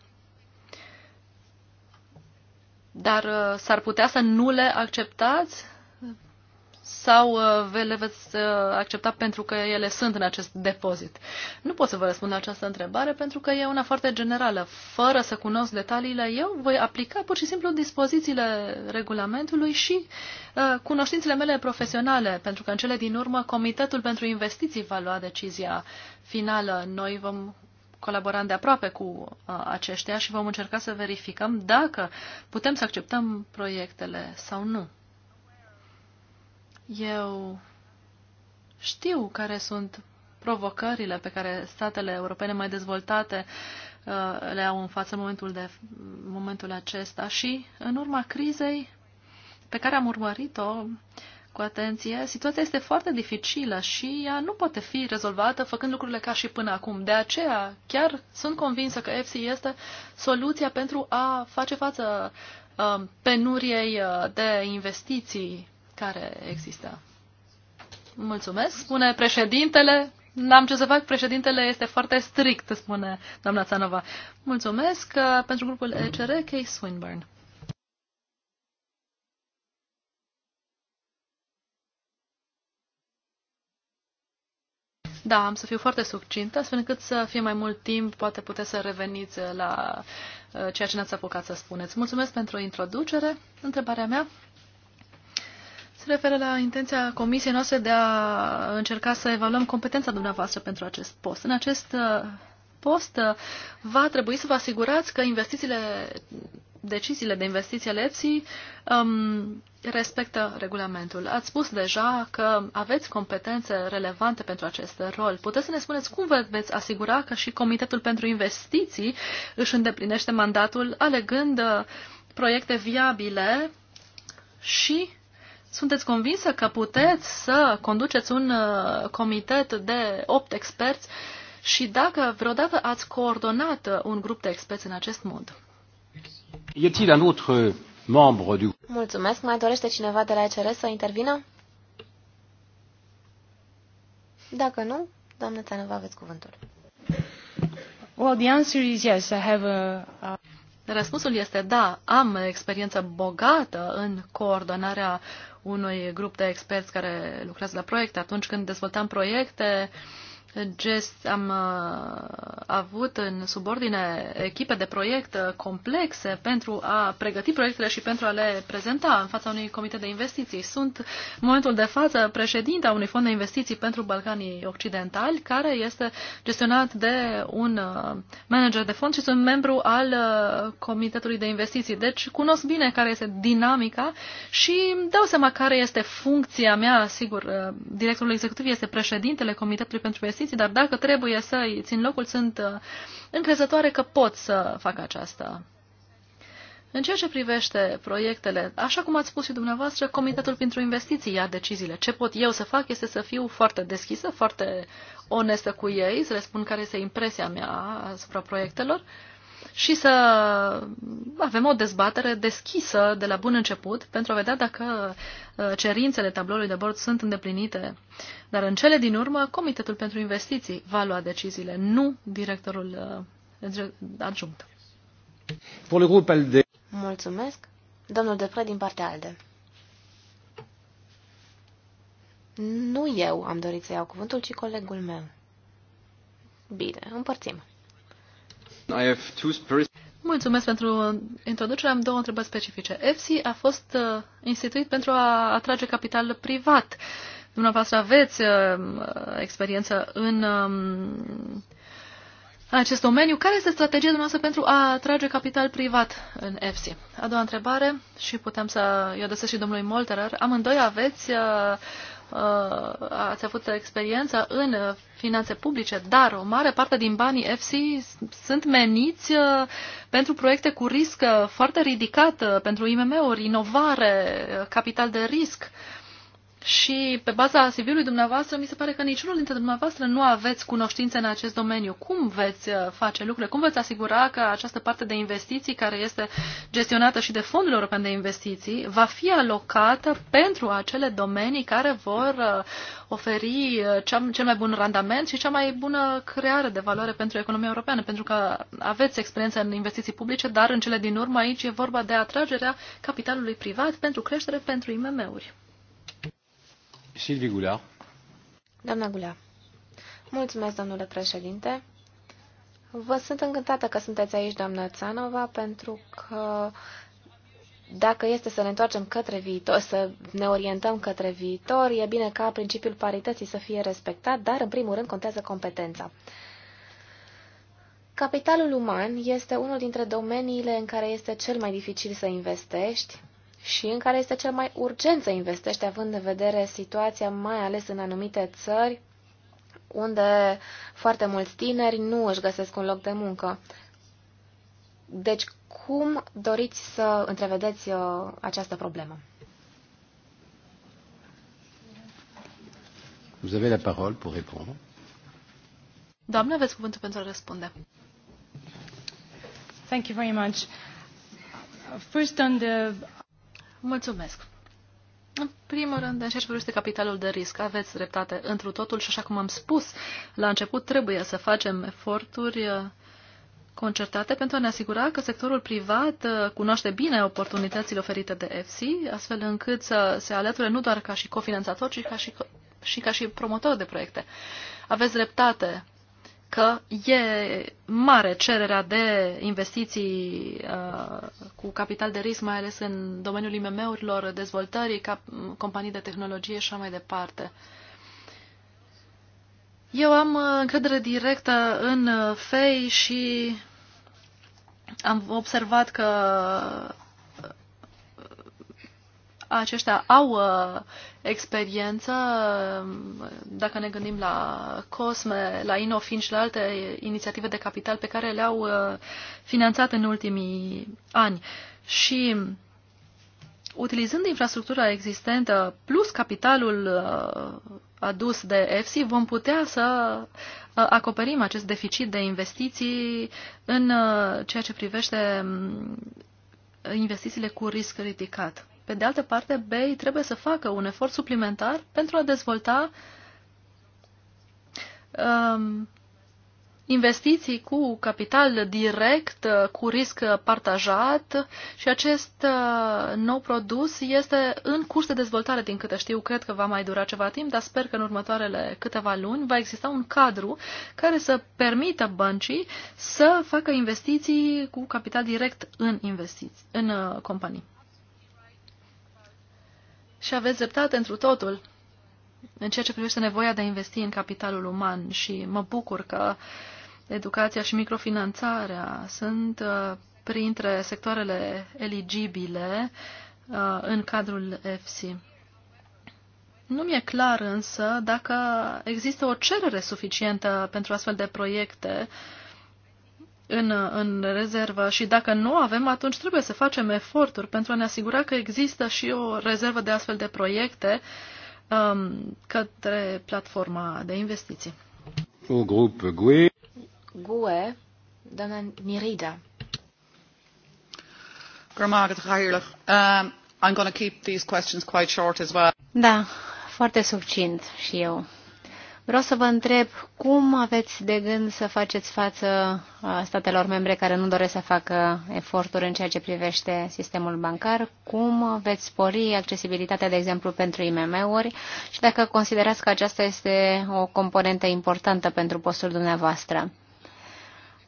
Dar uh, s-ar putea să nu le acceptați? sau uh, le veți uh, accepta pentru că ele sunt în acest depozit? Nu pot să vă răspund la această întrebare pentru că e una foarte generală. Fără să cunosc detaliile, eu voi aplica pur și simplu dispozițiile regulamentului și uh, cunoștințele mele profesionale, pentru că în cele din urmă Comitetul pentru Investiții va lua decizia finală. Noi vom colaborând de aproape cu aceștia și vom încerca să verificăm dacă putem să acceptăm proiectele sau nu. Eu știu care sunt provocările pe care statele europene mai dezvoltate uh, le au în față în momentul, de, în momentul acesta și în urma crizei pe care am urmărit-o cu atenție, situația este foarte dificilă și ea nu poate fi rezolvată făcând lucrurile ca și până acum. De aceea, chiar sunt convinsă că EFSI este soluția pentru a face față uh, penuriei uh, de investiții care există. Mulțumesc, spune președintele. N-am ce să fac, președintele este foarte strict, spune doamna Țanova. Mulțumesc uh, pentru grupul ECR, Kay Swinburne. Da, am să fiu foarte succintă, astfel încât să fie mai mult timp, poate puteți să reveniți uh, la uh, ceea ce ne-ați apucat să spuneți. Mulțumesc pentru introducere. Întrebarea mea se referă la intenția comisiei noastre de a încerca să evaluăm competența dumneavoastră pentru acest post. În acest uh, post uh, va trebui să vă asigurați că investițiile, deciziile de investiții ale EPSI um, respectă regulamentul. Ați spus deja că aveți competențe relevante pentru acest rol. Puteți să ne spuneți cum vă veți asigura că și Comitetul pentru Investiții își îndeplinește mandatul alegând uh, proiecte viabile și sunteți convinsă că puteți să conduceți un uh, comitet de opt experți și dacă vreodată ați coordonat uh, un grup de experți în acest mod? Mulțumesc. Mai dorește cineva de la ECR să intervină? Dacă nu, doamnă vă aveți cuvântul. Well, the answer is yes. I have a, a... Răspunsul este da, am experiență bogată în coordonarea unui grup de experți care lucrează la proiecte. Atunci când dezvoltam proiecte, uh, gest, am uh, avut în subordine echipe de proiect uh, complexe pentru a pregăti proiectele și pentru a le prezenta în fața unui comitet de investiții. Sunt în momentul de față a unui fond de investiții pentru Balcanii Occidentali, care este gestionat de un uh, manager de fond și sunt membru al uh, comitetului de investiții. Deci cunosc bine care este dinamica și dau seama care este funcția mea, sigur, uh, directorul executiv este președintele comitetului pentru investiții investiții, dar dacă trebuie să îi țin locul, sunt uh, încrezătoare că pot să fac aceasta. În ceea ce privește proiectele, așa cum ați spus și dumneavoastră, Comitetul pentru Investiții ia deciziile. Ce pot eu să fac este să fiu foarte deschisă, foarte onestă cu ei, să le spun care este impresia mea asupra proiectelor și să avem o dezbatere deschisă de la bun început pentru a vedea dacă uh, cerințele tabloului de bord sunt îndeplinite. Dar în cele din urmă, Comitetul pentru Investiții va lua deciziile, nu directorul uh, adjunct. Mulțumesc. Domnul Depre din partea ALDE. Nu eu am dorit să iau cuvântul, ci colegul meu. Bine, împărțim. Mulțumesc pentru introducere. Am două întrebări specifice. EFSI a fost uh, instituit pentru a atrage capital privat. Dumneavoastră aveți uh, experiență în um, acest domeniu. Care este strategia dumneavoastră pentru a atrage capital privat în EFSI? A doua întrebare, și putem să i adresez și domnului Molterer. Amândoi aveți uh, Uh, ați avut experiență în finanțe publice, dar o mare parte din banii FC sunt meniți uh, pentru proiecte cu risc uh, foarte ridicat, pentru IMM-uri, inovare, capital de risc. Uh, și pe baza CV-ului dumneavoastră, mi se pare că niciunul dintre dumneavoastră nu aveți cunoștințe în acest domeniu. Cum veți uh, face lucrurile? Cum veți asigura că această parte de investiții, care este gestionată și de Fondul European de Investiții, va fi alocată pentru acele domenii care vor uh, oferi uh, cel mai bun randament și cea mai bună creare de valoare pentru economia europeană? Pentru că aveți experiență în investiții publice, dar în cele din urmă aici e vorba de atragerea capitalului privat pentru creștere pentru IMM-uri. Silvi Goulard. Doamna Goulard. Mulțumesc, domnule președinte. Vă sunt încântată că sunteți aici, doamna Țanova, pentru că dacă este să ne întoarcem către viitor, să ne orientăm către viitor, e bine ca principiul parității să fie respectat, dar în primul rând contează competența. Capitalul uman este unul dintre domeniile în care este cel mai dificil să investești, și în care este cel mai urgent să investești, având în vedere situația mai ales în anumite țări unde foarte mulți tineri nu își găsesc un loc de muncă. Deci, cum doriți să întrevedeți uh, această problemă? Vous avez la parole pour répondre. Doamne, aveți cuvântul pentru a răspunde. Thank you very much. First on the Mulțumesc. În primul rând, în ceea ce privește capitalul de risc, aveți dreptate întru totul și așa cum am spus la început, trebuie să facem eforturi uh, concertate pentru a ne asigura că sectorul privat uh, cunoaște bine oportunitățile oferite de EFSI, astfel încât să se alăture nu doar ca și cofinanțator, ci ca și, și ca și promotor de proiecte. Aveți dreptate că e mare cererea de investiții uh, cu capital de risc, mai ales în domeniul IMM-urilor, dezvoltării, cap, companii de tehnologie și așa mai departe. Eu am uh, încredere directă în uh, FEI și am observat că uh, aceștia au experiență, dacă ne gândim la COSME, la INOFIN și la alte inițiative de capital pe care le-au uh, finanțat în ultimii ani. Și utilizând infrastructura existentă plus capitalul uh, adus de EFSI, vom putea să uh, acoperim acest deficit de investiții în ceea ce privește um, investițiile cu risc ridicat. Pe de altă parte, BEI trebuie să facă un efort suplimentar pentru a dezvolta um, investiții cu capital direct, uh, cu risc partajat și acest uh, nou produs este în curs de dezvoltare, din câte știu, cred că va mai dura ceva timp, dar sper că în următoarele câteva luni va exista un cadru care să permită băncii să facă investiții cu capital direct în, investiții, în uh, companii. Și aveți dreptate întru totul în ceea ce privește nevoia de a investi în capitalul uman și mă bucur că educația și microfinanțarea sunt uh, printre sectoarele eligibile uh, în cadrul EFSI. Nu mi-e clar însă dacă există o cerere suficientă pentru astfel de proiecte uh, în, în rezervă și dacă nu avem, atunci trebuie să facem eforturi pentru a ne asigura că există și o rezervă de astfel de proiecte um, către platforma de investiții. Un grup GUE. GUE, doamna Mirida. Ehm, I'm going to keep these questions quite short as well. Da, foarte succint și eu. Vreau să vă întreb cum aveți de gând să faceți față uh, statelor membre care nu doresc să facă eforturi în ceea ce privește sistemul bancar, cum veți spori accesibilitatea, de exemplu, pentru IMM-uri și dacă considerați că aceasta este o componentă importantă pentru postul dumneavoastră.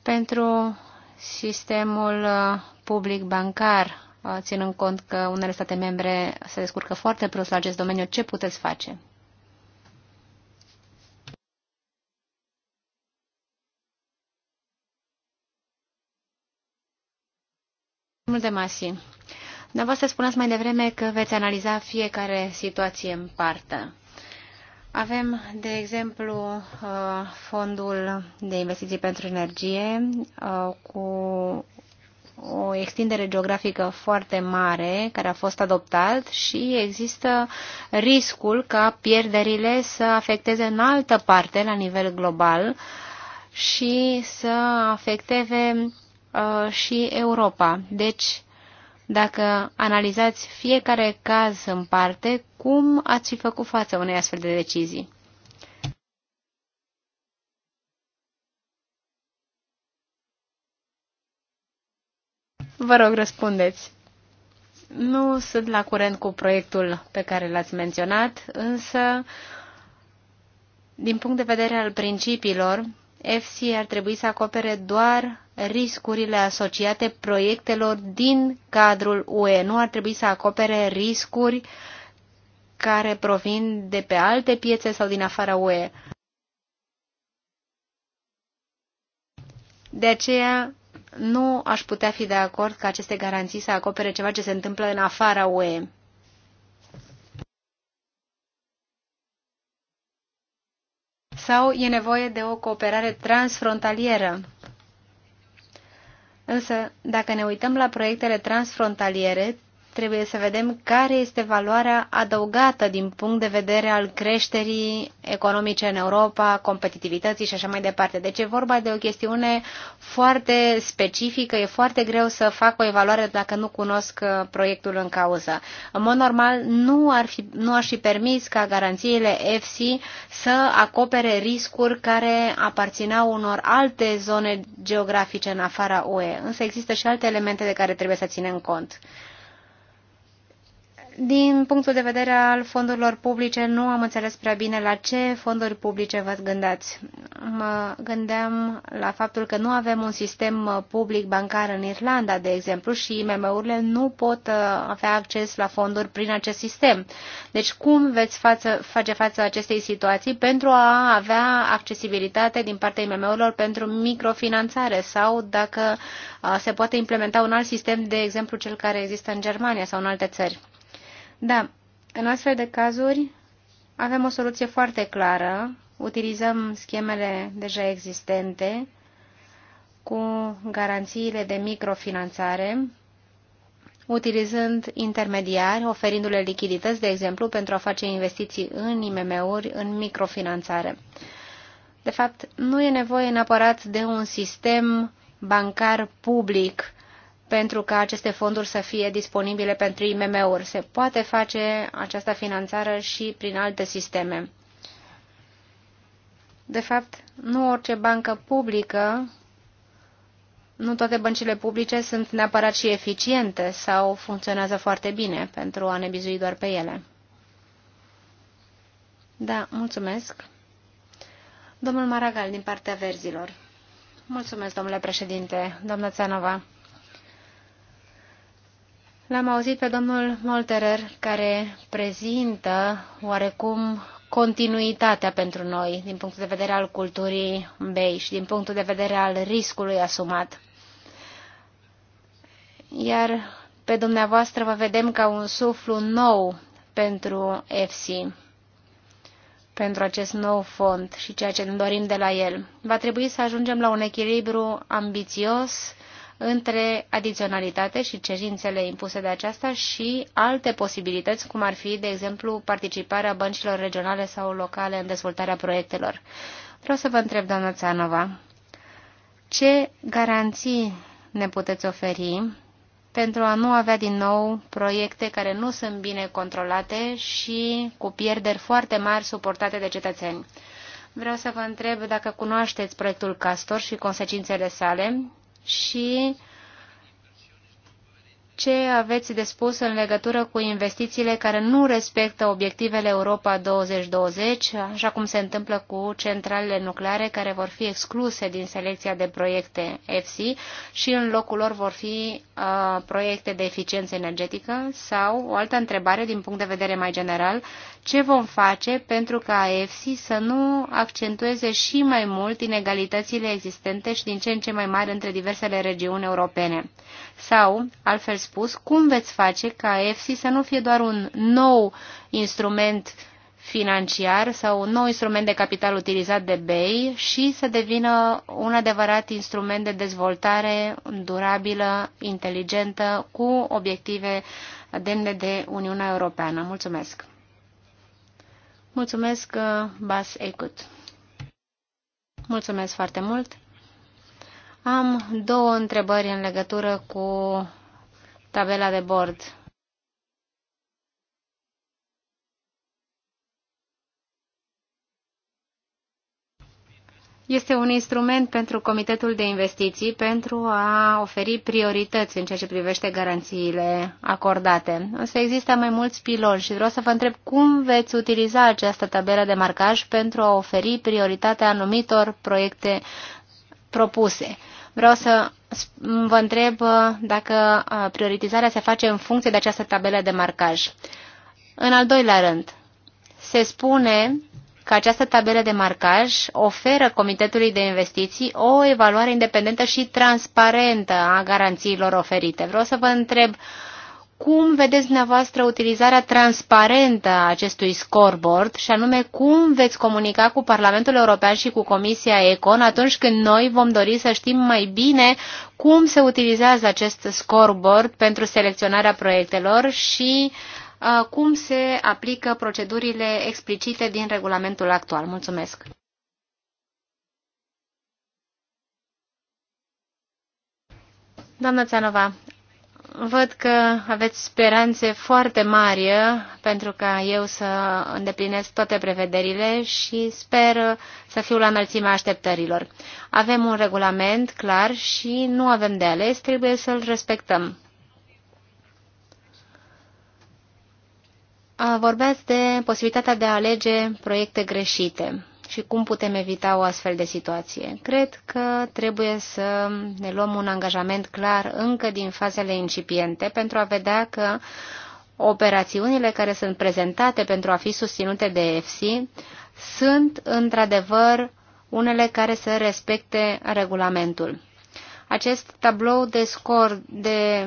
Pentru sistemul uh, public bancar, uh, ținând cont că unele state membre se descurcă foarte prost la acest domeniu, ce puteți face? Multe masi. Dumneavoastră spuneați mai devreme că veți analiza fiecare situație în parte. Avem, de exemplu, uh, fondul de investiții pentru energie uh, cu o extindere geografică foarte mare care a fost adoptat și există riscul ca pierderile să afecteze în altă parte, la nivel global, și să afecteze Uh, și Europa. Deci, dacă analizați fiecare caz în parte, cum ați fi făcut față unei astfel de decizii? Vă rog, răspundeți. Nu sunt la curent cu proiectul pe care l-ați menționat, însă, din punct de vedere al principiilor, FC ar trebui să acopere doar riscurile asociate proiectelor din cadrul UE. Nu ar trebui să acopere riscuri care provin de pe alte piețe sau din afara UE. De aceea, nu aș putea fi de acord ca aceste garanții să acopere ceva ce se întâmplă în afara UE. Sau e nevoie de o cooperare transfrontalieră Însă, dacă ne uităm la proiectele transfrontaliere, Trebuie să vedem care este valoarea adăugată din punct de vedere al creșterii economice în Europa, competitivității și așa mai departe. Deci e vorba de o chestiune foarte specifică, e foarte greu să fac o evaluare dacă nu cunosc uh, proiectul în cauză. În mod normal, nu, ar fi, nu aș fi permis ca garanțiile EFSI să acopere riscuri care aparțineau unor alte zone geografice în afara UE, însă există și alte elemente de care trebuie să ținem cont. Din punctul de vedere al fondurilor publice, nu am înțeles prea bine la ce fonduri publice vă gândeați. Mă gândeam la faptul că nu avem un sistem uh, public bancar în Irlanda, de exemplu, și IMM-urile nu pot uh, avea acces la fonduri prin acest sistem. Deci cum veți față, face față acestei situații pentru a avea accesibilitate din partea IMM-urilor pentru microfinanțare sau dacă uh, se poate implementa un alt sistem, de exemplu cel care există în Germania sau în alte țări? Da, în astfel de cazuri avem o soluție foarte clară. Utilizăm schemele deja existente cu garanțiile de microfinanțare, utilizând intermediari, oferindu-le lichidități, de exemplu, pentru a face investiții în IMM-uri, în microfinanțare. De fapt, nu e nevoie neapărat de un sistem bancar public pentru ca aceste fonduri să fie disponibile pentru IMM-uri. Se poate face această finanțare și prin alte sisteme. De fapt, nu orice bancă publică, nu toate băncile publice sunt neapărat și eficiente sau funcționează foarte bine pentru a ne bizui doar pe ele. Da, mulțumesc. Domnul Maragal, din partea verzilor. Mulțumesc, domnule președinte, doamna Țanova. L-am auzit pe domnul Molterer, care prezintă oarecum continuitatea pentru noi din punctul de vedere al culturii bei și din punctul de vedere al riscului asumat. Iar pe dumneavoastră vă vedem ca un suflu nou pentru EFSI, pentru acest nou fond și ceea ce ne dorim de la el. Va trebui să ajungem la un echilibru ambițios între adiționalitate și cerințele impuse de aceasta și alte posibilități, cum ar fi, de exemplu, participarea băncilor regionale sau locale în dezvoltarea proiectelor. Vreau să vă întreb, doamna Țanova, ce garanții ne puteți oferi pentru a nu avea din nou proiecte care nu sunt bine controlate și cu pierderi foarte mari suportate de cetățeni. Vreau să vă întreb dacă cunoașteți proiectul Castor și consecințele sale și ce aveți de spus în legătură cu investițiile care nu respectă obiectivele Europa 2020, așa cum se întâmplă cu centralele nucleare care vor fi excluse din selecția de proiecte EFSI și în locul lor vor fi uh, proiecte de eficiență energetică? Sau, o altă întrebare din punct de vedere mai general, ce vom face pentru ca EFSI să nu accentueze și mai mult inegalitățile existente și din ce în ce mai mari între diversele regiuni europene? Sau, altfel spus, cum veți face ca EFSI să nu fie doar un nou instrument financiar sau un nou instrument de capital utilizat de BEI și să devină un adevărat instrument de dezvoltare durabilă, inteligentă, cu obiective demne de Uniunea Europeană. Mulțumesc! Mulțumesc, Bas Ecut! Mulțumesc foarte mult! Am două întrebări în legătură cu tabela de bord. Este un instrument pentru Comitetul de Investiții pentru a oferi priorități în ceea ce privește garanțiile acordate. Însă există mai mulți piloni și vreau să vă întreb cum veți utiliza această tabelă de marcaj pentru a oferi prioritatea anumitor proiecte propuse. Vreau să vă întreb uh, dacă uh, prioritizarea se face în funcție de această tabelă de marcaj. În al doilea rând, se spune că această tabelă de marcaj oferă Comitetului de Investiții o evaluare independentă și transparentă a garanțiilor oferite. Vreau să vă întreb uh, cum vedeți dumneavoastră utilizarea transparentă a acestui scoreboard și anume cum veți comunica cu Parlamentul European și cu Comisia Econ atunci când noi vom dori să știm mai bine cum se utilizează acest scoreboard pentru selecționarea proiectelor și uh, cum se aplică procedurile explicite din regulamentul actual. Mulțumesc! Doamna Țanova, Văd că aveți speranțe foarte mari eh, pentru ca eu să îndeplinesc toate prevederile și sper să fiu la înălțimea așteptărilor. Avem un regulament clar și nu avem de ales, trebuie să-l respectăm. Eh, vorbeați de posibilitatea de a alege proiecte greșite și cum putem evita o astfel de situație. Cred că trebuie să ne luăm un angajament clar încă din fazele incipiente pentru a vedea că operațiunile care sunt prezentate pentru a fi susținute de EFSI sunt într-adevăr unele care să respecte regulamentul. Acest tablou de scor de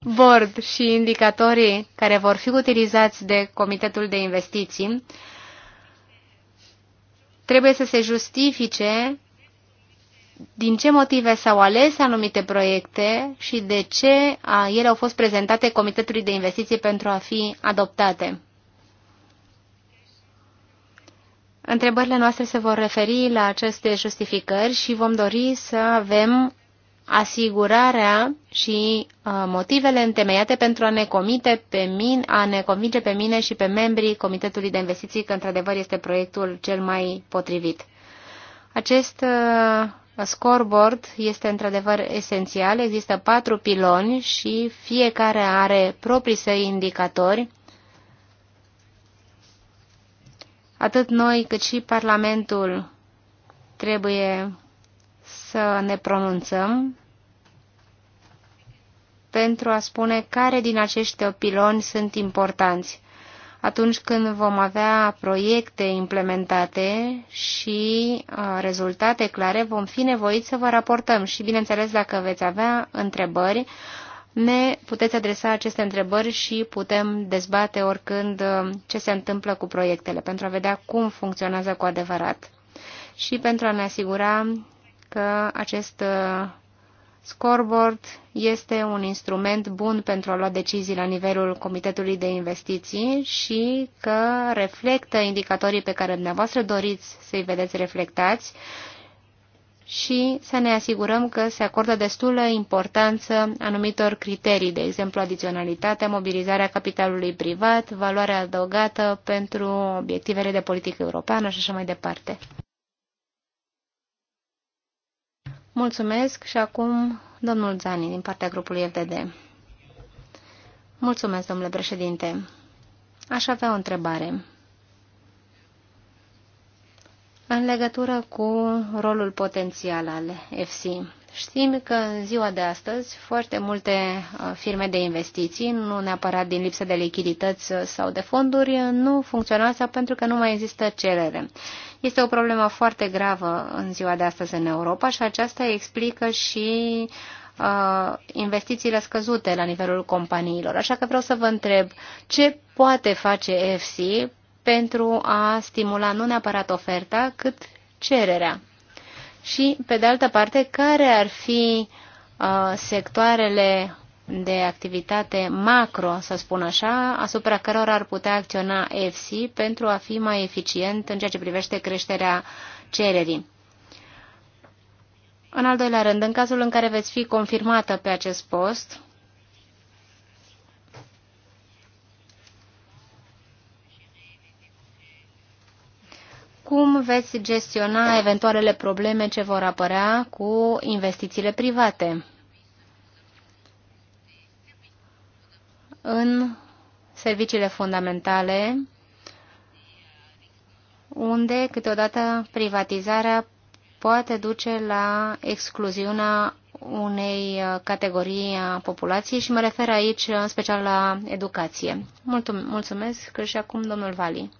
board și indicatorii care vor fi utilizați de Comitetul de Investiții trebuie să se justifice din ce motive s-au ales anumite proiecte și de ce ele au fost prezentate Comitetului de Investiții pentru a fi adoptate. Întrebările noastre se vor referi la aceste justificări și vom dori să avem asigurarea și uh, motivele întemeiate pentru a ne, comite pe mine, a ne convinge pe mine și pe membrii Comitetului de Investiții că într-adevăr este proiectul cel mai potrivit. Acest uh, scoreboard este într-adevăr esențial. Există patru piloni și fiecare are proprii săi indicatori. Atât noi cât și Parlamentul trebuie să ne pronunțăm pentru a spune care din acești piloni sunt importanți atunci când vom avea proiecte implementate și uh, rezultate clare, vom fi nevoiți să vă raportăm și, bineînțeles, dacă veți avea întrebări, ne puteți adresa aceste întrebări și putem dezbate oricând uh, ce se întâmplă cu proiectele pentru a vedea cum funcționează cu adevărat și pentru a ne asigura că acest uh, scoreboard este un instrument bun pentru a lua decizii la nivelul Comitetului de Investiții și că reflectă indicatorii pe care dumneavoastră doriți să-i vedeți reflectați și să ne asigurăm că se acordă destulă importanță anumitor criterii, de exemplu adiționalitatea, mobilizarea capitalului privat, valoarea adăugată pentru obiectivele de politică europeană și așa mai departe. Mulțumesc și acum domnul Zani din partea grupului FDD. Mulțumesc, domnule președinte. Aș avea o întrebare. În legătură cu rolul potențial al FC, Știm că în ziua de astăzi foarte multe uh, firme de investiții, nu neapărat din lipsă de lichidități uh, sau de fonduri, uh, nu funcționează pentru că nu mai există cerere. Este o problemă foarte gravă în ziua de astăzi în Europa și aceasta explică și investițiile scăzute la nivelul companiilor. Așa că vreau să vă întreb ce poate face EFSI pentru a stimula nu neapărat oferta, cât cererea și, pe de altă parte, care ar fi uh, sectoarele de activitate macro, să spun așa, asupra cărora ar putea acționa EFSI pentru a fi mai eficient în ceea ce privește creșterea cererii. În al doilea rând, în cazul în care veți fi confirmată pe acest post, cum veți gestiona eventualele probleme ce vor apărea cu investițiile private în serviciile fundamentale, unde câteodată privatizarea poate duce la excluziunea unei uh, categorii a populației și mă refer aici în special la educație. Mulțumesc și acum domnul Vali.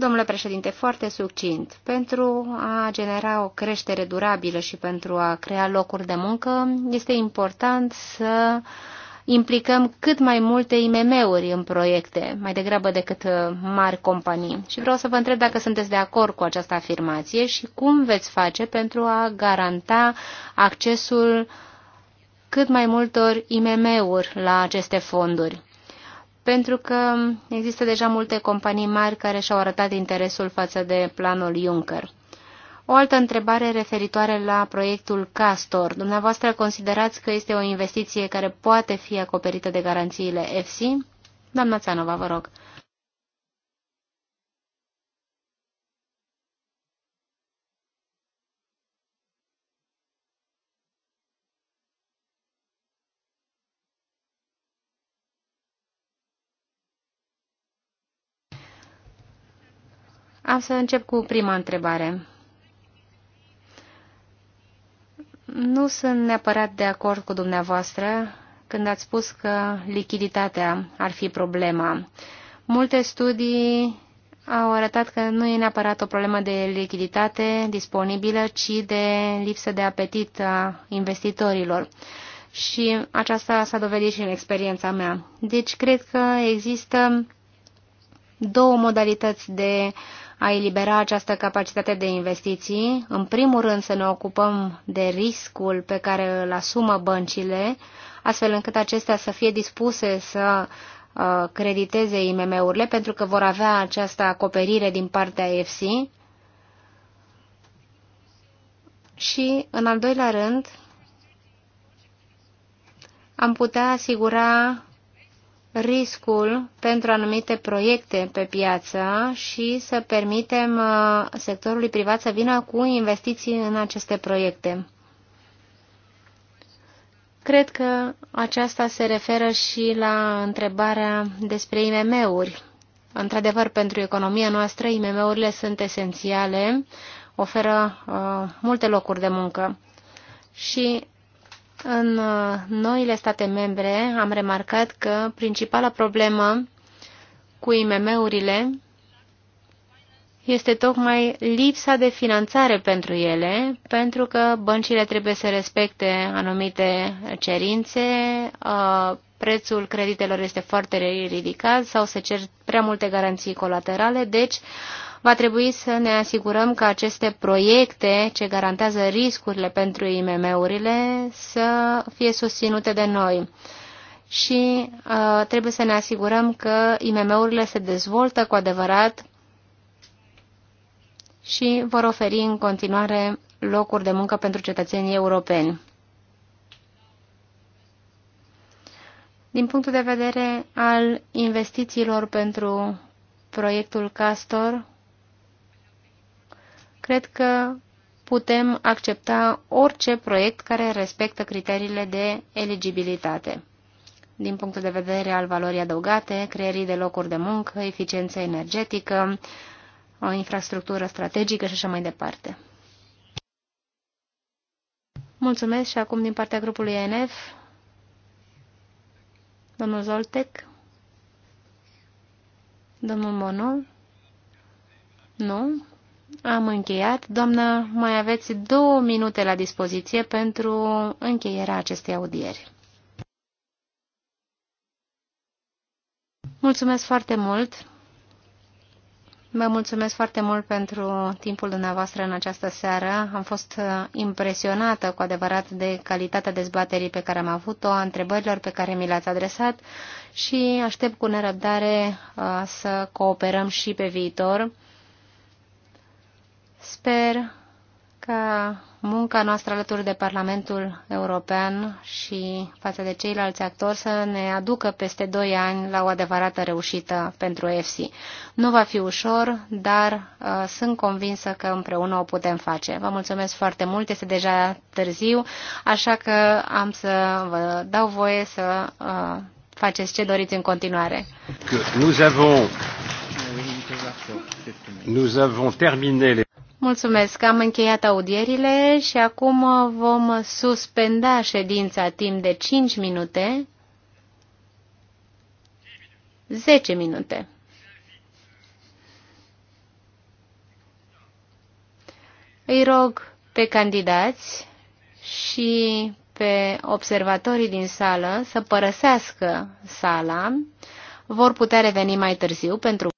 Domnule președinte, foarte succint. Pentru a genera o creștere durabilă și pentru a crea locuri de muncă, este important să implicăm cât mai multe IMM-uri în proiecte, mai degrabă decât uh, mari companii. Și vreau să vă întreb dacă sunteți de acord cu această afirmație și cum veți face pentru a garanta accesul cât mai multor IMM-uri la aceste fonduri pentru că există deja multe companii mari care și-au arătat interesul față de planul Juncker. O altă întrebare referitoare la proiectul Castor. Dumneavoastră considerați că este o investiție care poate fi acoperită de garanțiile EFSI? Doamna Țanova, vă rog. Am să încep cu prima întrebare. Nu sunt neapărat de acord cu dumneavoastră când ați spus că lichiditatea ar fi problema. Multe studii au arătat că nu e neapărat o problemă de lichiditate disponibilă, ci de lipsă de apetit a investitorilor. Și aceasta s-a dovedit și în experiența mea. Deci, cred că există două modalități de a elibera această capacitate de investiții, în primul rând să ne ocupăm de riscul pe care îl asumă băncile, astfel încât acestea să fie dispuse să uh, crediteze IMM-urile pentru că vor avea această acoperire din partea EFSI. Și, în al doilea rând, am putea asigura riscul pentru anumite proiecte pe piață și să permitem uh, sectorului privat să vină cu investiții în aceste proiecte. Cred că aceasta se referă și la întrebarea despre IMM-uri. Într-adevăr, pentru economia noastră, IMM-urile sunt esențiale, oferă uh, multe locuri de muncă. Și în uh, noile state membre am remarcat că principala problemă cu IMM-urile este tocmai lipsa de finanțare pentru ele, pentru că băncile trebuie să respecte anumite cerințe, uh, prețul creditelor este foarte ridicat sau se cer prea multe garanții colaterale, deci uh, va trebui să ne asigurăm că aceste proiecte ce garantează riscurile pentru IMM-urile să fie susținute de noi și uh, trebuie să ne asigurăm că IMM-urile se dezvoltă cu adevărat și vor oferi în continuare locuri de muncă pentru cetățenii europeni. Din punctul de vedere al investițiilor pentru proiectul Castor, cred că putem accepta orice proiect care respectă criteriile de eligibilitate din punctul de vedere al valorii adăugate, creierii de locuri de muncă, eficiență energetică, o infrastructură strategică și așa mai departe. Mulțumesc și acum din partea grupului ENF, domnul Zoltec, domnul Mono, nu, am încheiat. Doamnă, mai aveți două minute la dispoziție pentru încheierea acestei audieri. Mulțumesc foarte mult! Vă mulțumesc foarte mult pentru timpul dumneavoastră în această seară. Am fost uh, impresionată cu adevărat de calitatea dezbaterii pe care am avut-o, a întrebărilor pe care mi le-ați adresat și aștept cu nerăbdare uh, să cooperăm și pe viitor Sper ca munca noastră alături de Parlamentul European și față de ceilalți actori să ne aducă peste doi ani la o adevărată reușită pentru EFSI. Nu va fi ușor, dar uh, sunt convinsă că împreună o putem face. Vă mulțumesc foarte mult, este deja târziu, așa că am să vă dau voie să uh, faceți ce doriți în continuare. Nous avons, ah nous avons terminé les... Mulțumesc, am încheiat audierile și acum uh, vom suspenda ședința timp de 5 minute, 10 minute. Îi rog pe candidați și pe observatorii din sală să părăsească sala. Vor putea reveni mai târziu pentru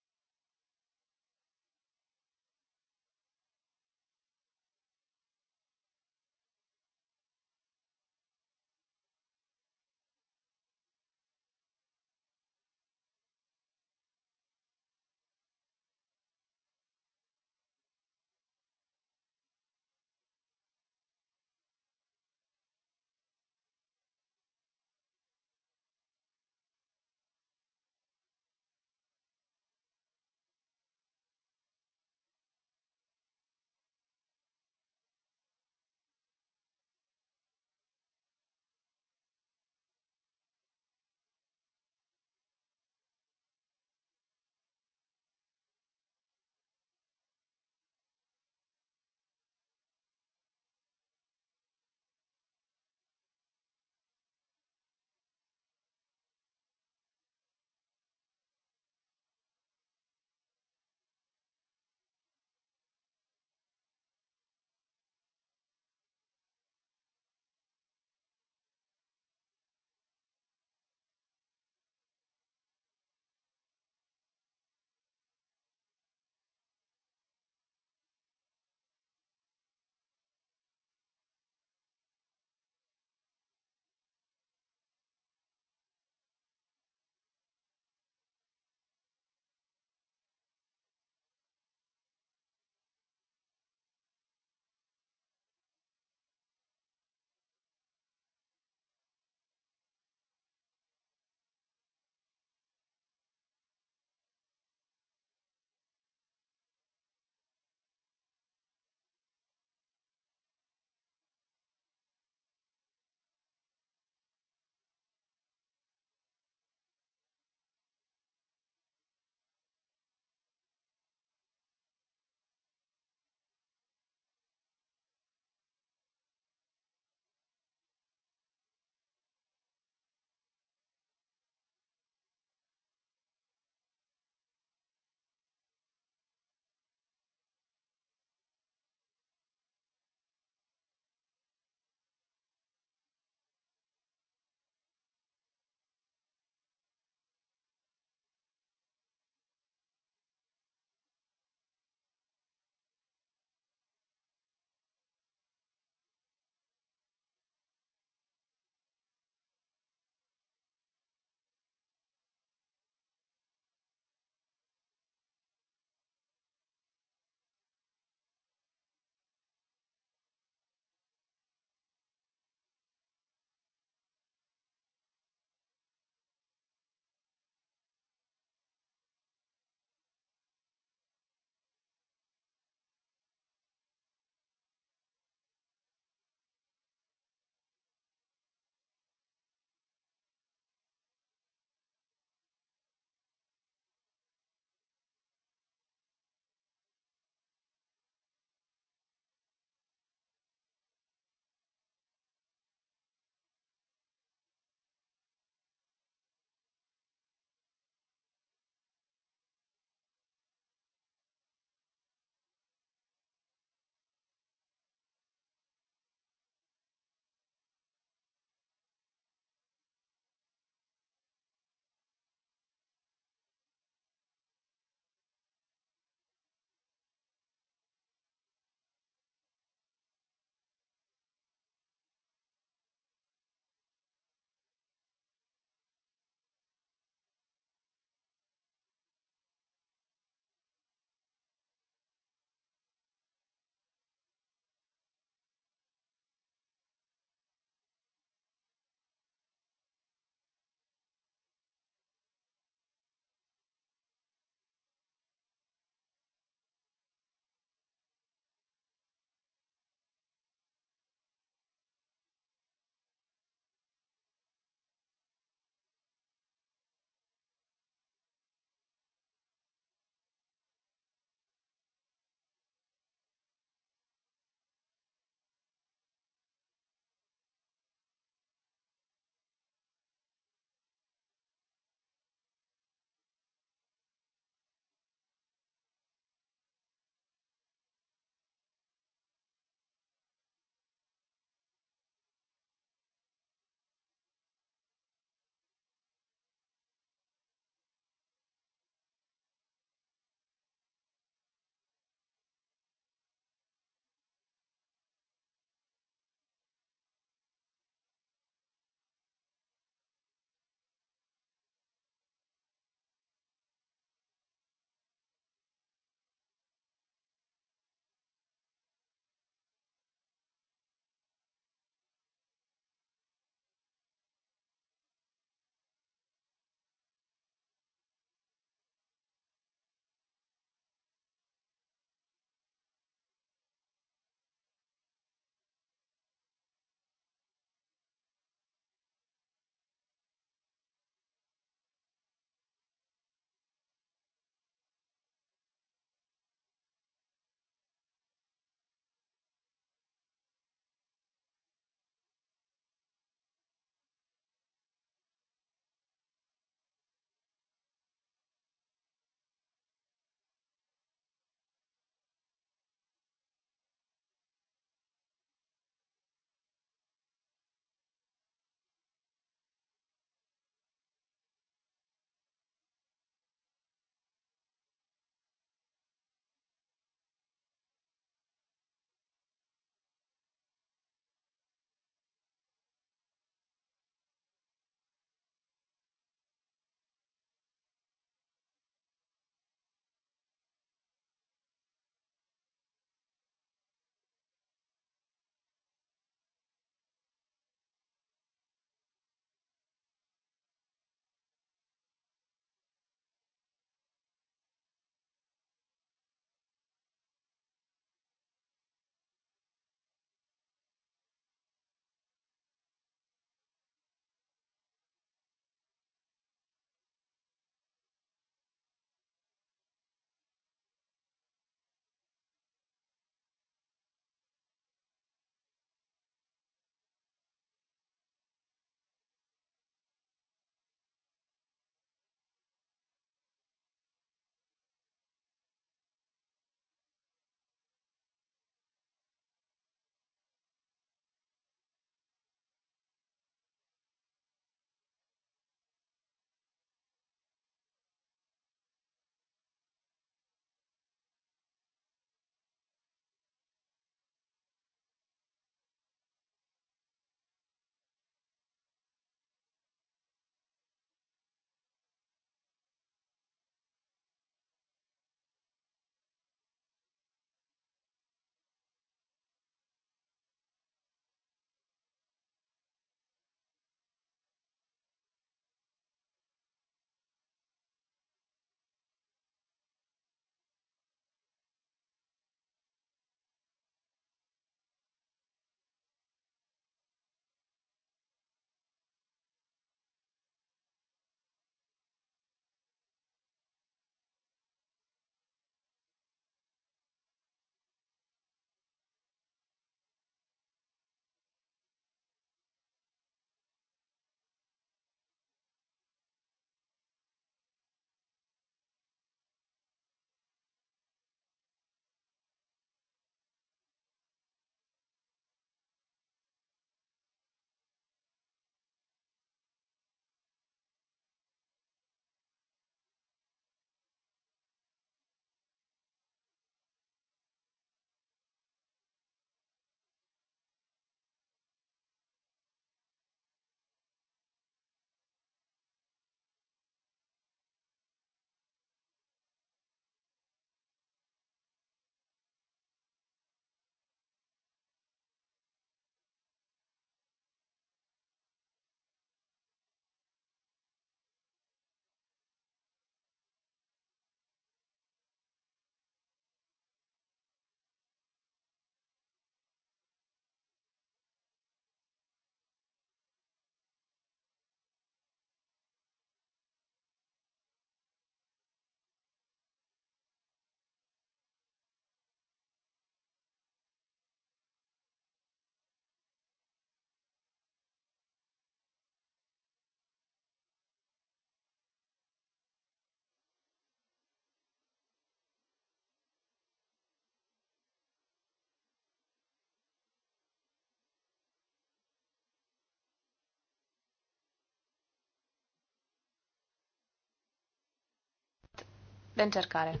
de încercare.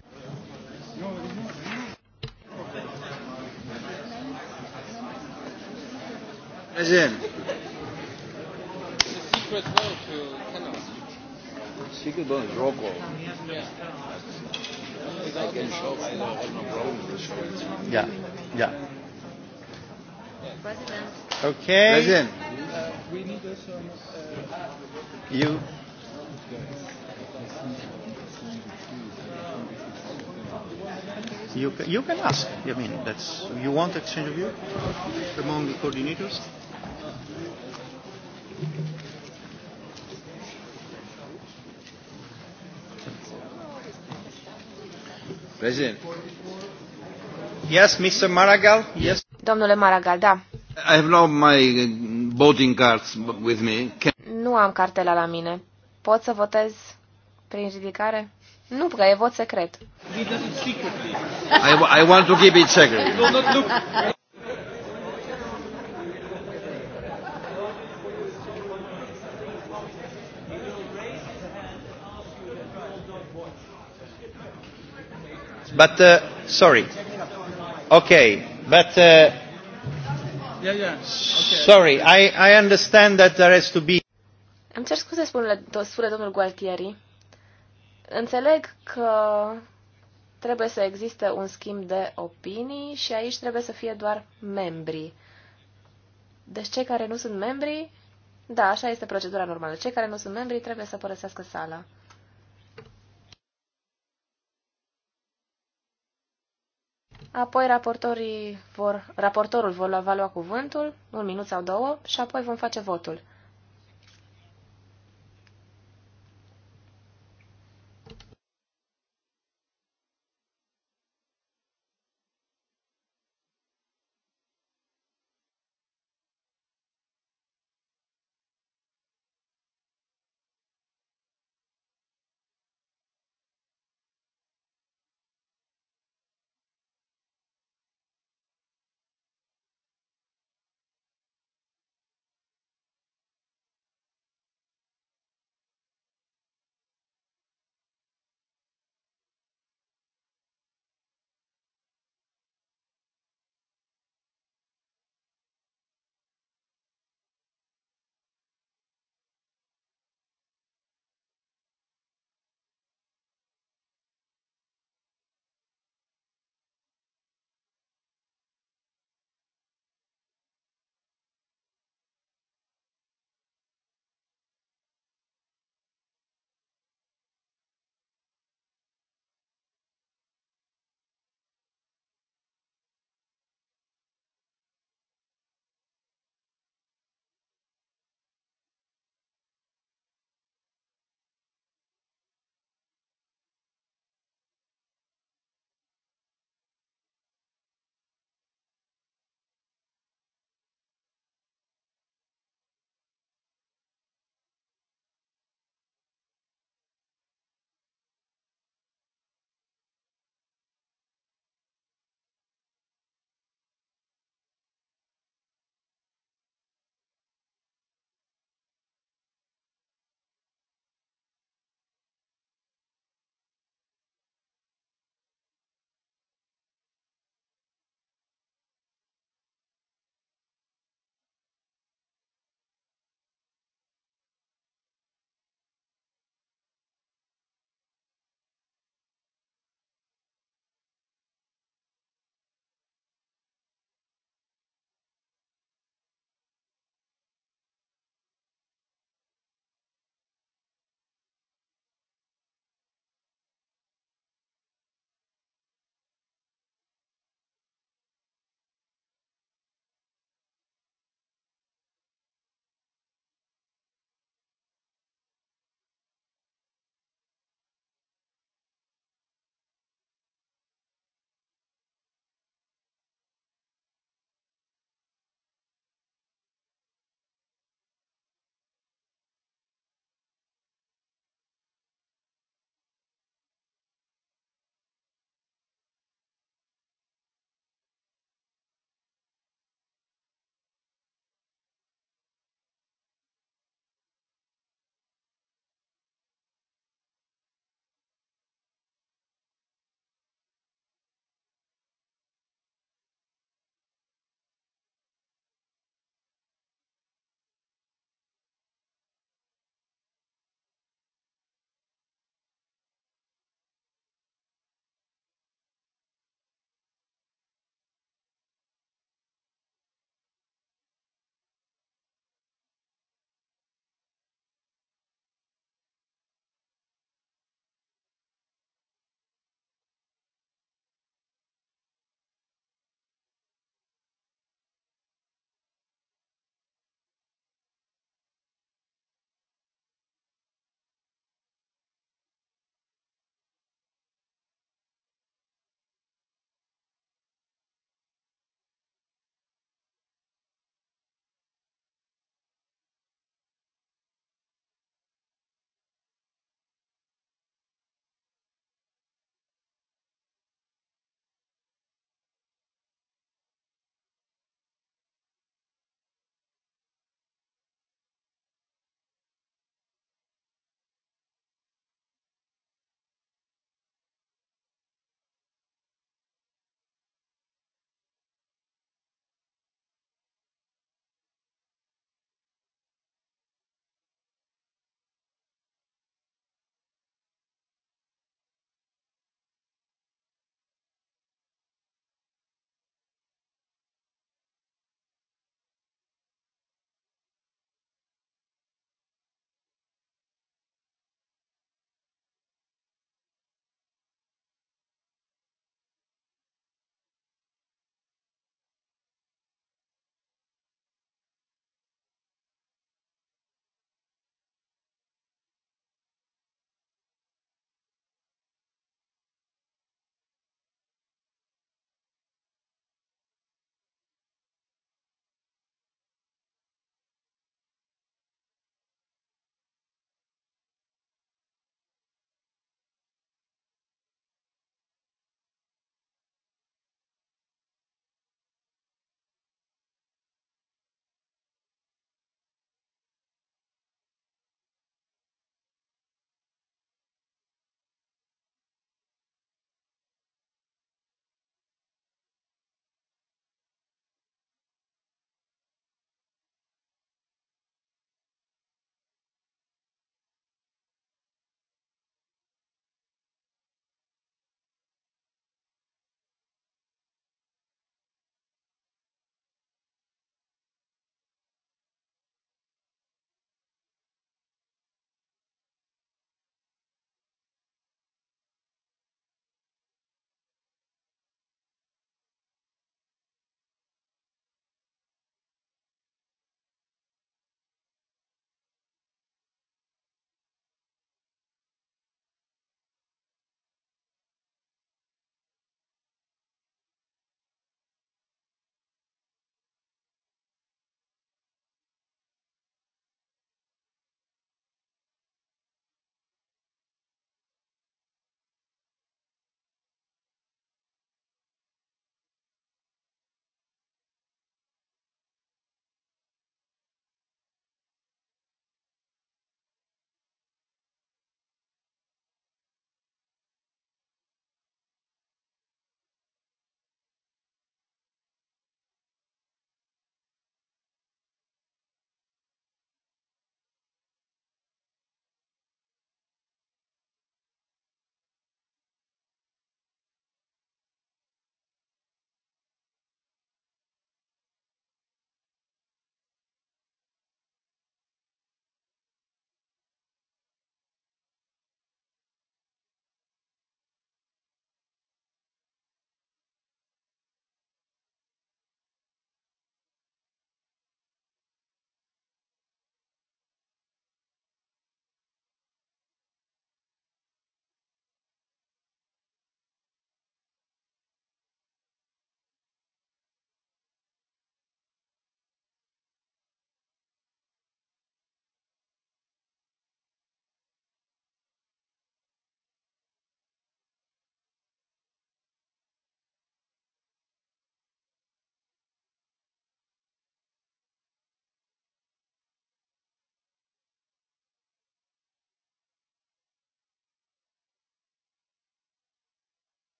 Uh, yeah, yeah. President. Okay. President. Uh, we need also. Um, uh, you. You can, you can ask. I mean, that's you want exchange of view among the coordinators. President. Yes, Mr. Maragall. Yes. Domnule Maragall, da. I have not my voting cards with me. Can... Nu am cartela la mine. Pot să votez prin ridicare? Nu, că e vot secret. I, I want to keep it secret. But, uh, sorry. Okay, but... Uh, yeah, yeah. Okay. Sorry, I, I understand that there has to be... Am cer scuze, spune, spune domnul Gualtieri Înțeleg că trebuie să existe un schimb de opinii și aici trebuie să fie doar membri. Deci cei care nu sunt membri, da, așa este procedura normală. Cei care nu sunt membri trebuie să părăsească sala. Apoi raportorii vor, raportorul vor lua, va lua cuvântul, un minut sau două, și apoi vom face votul.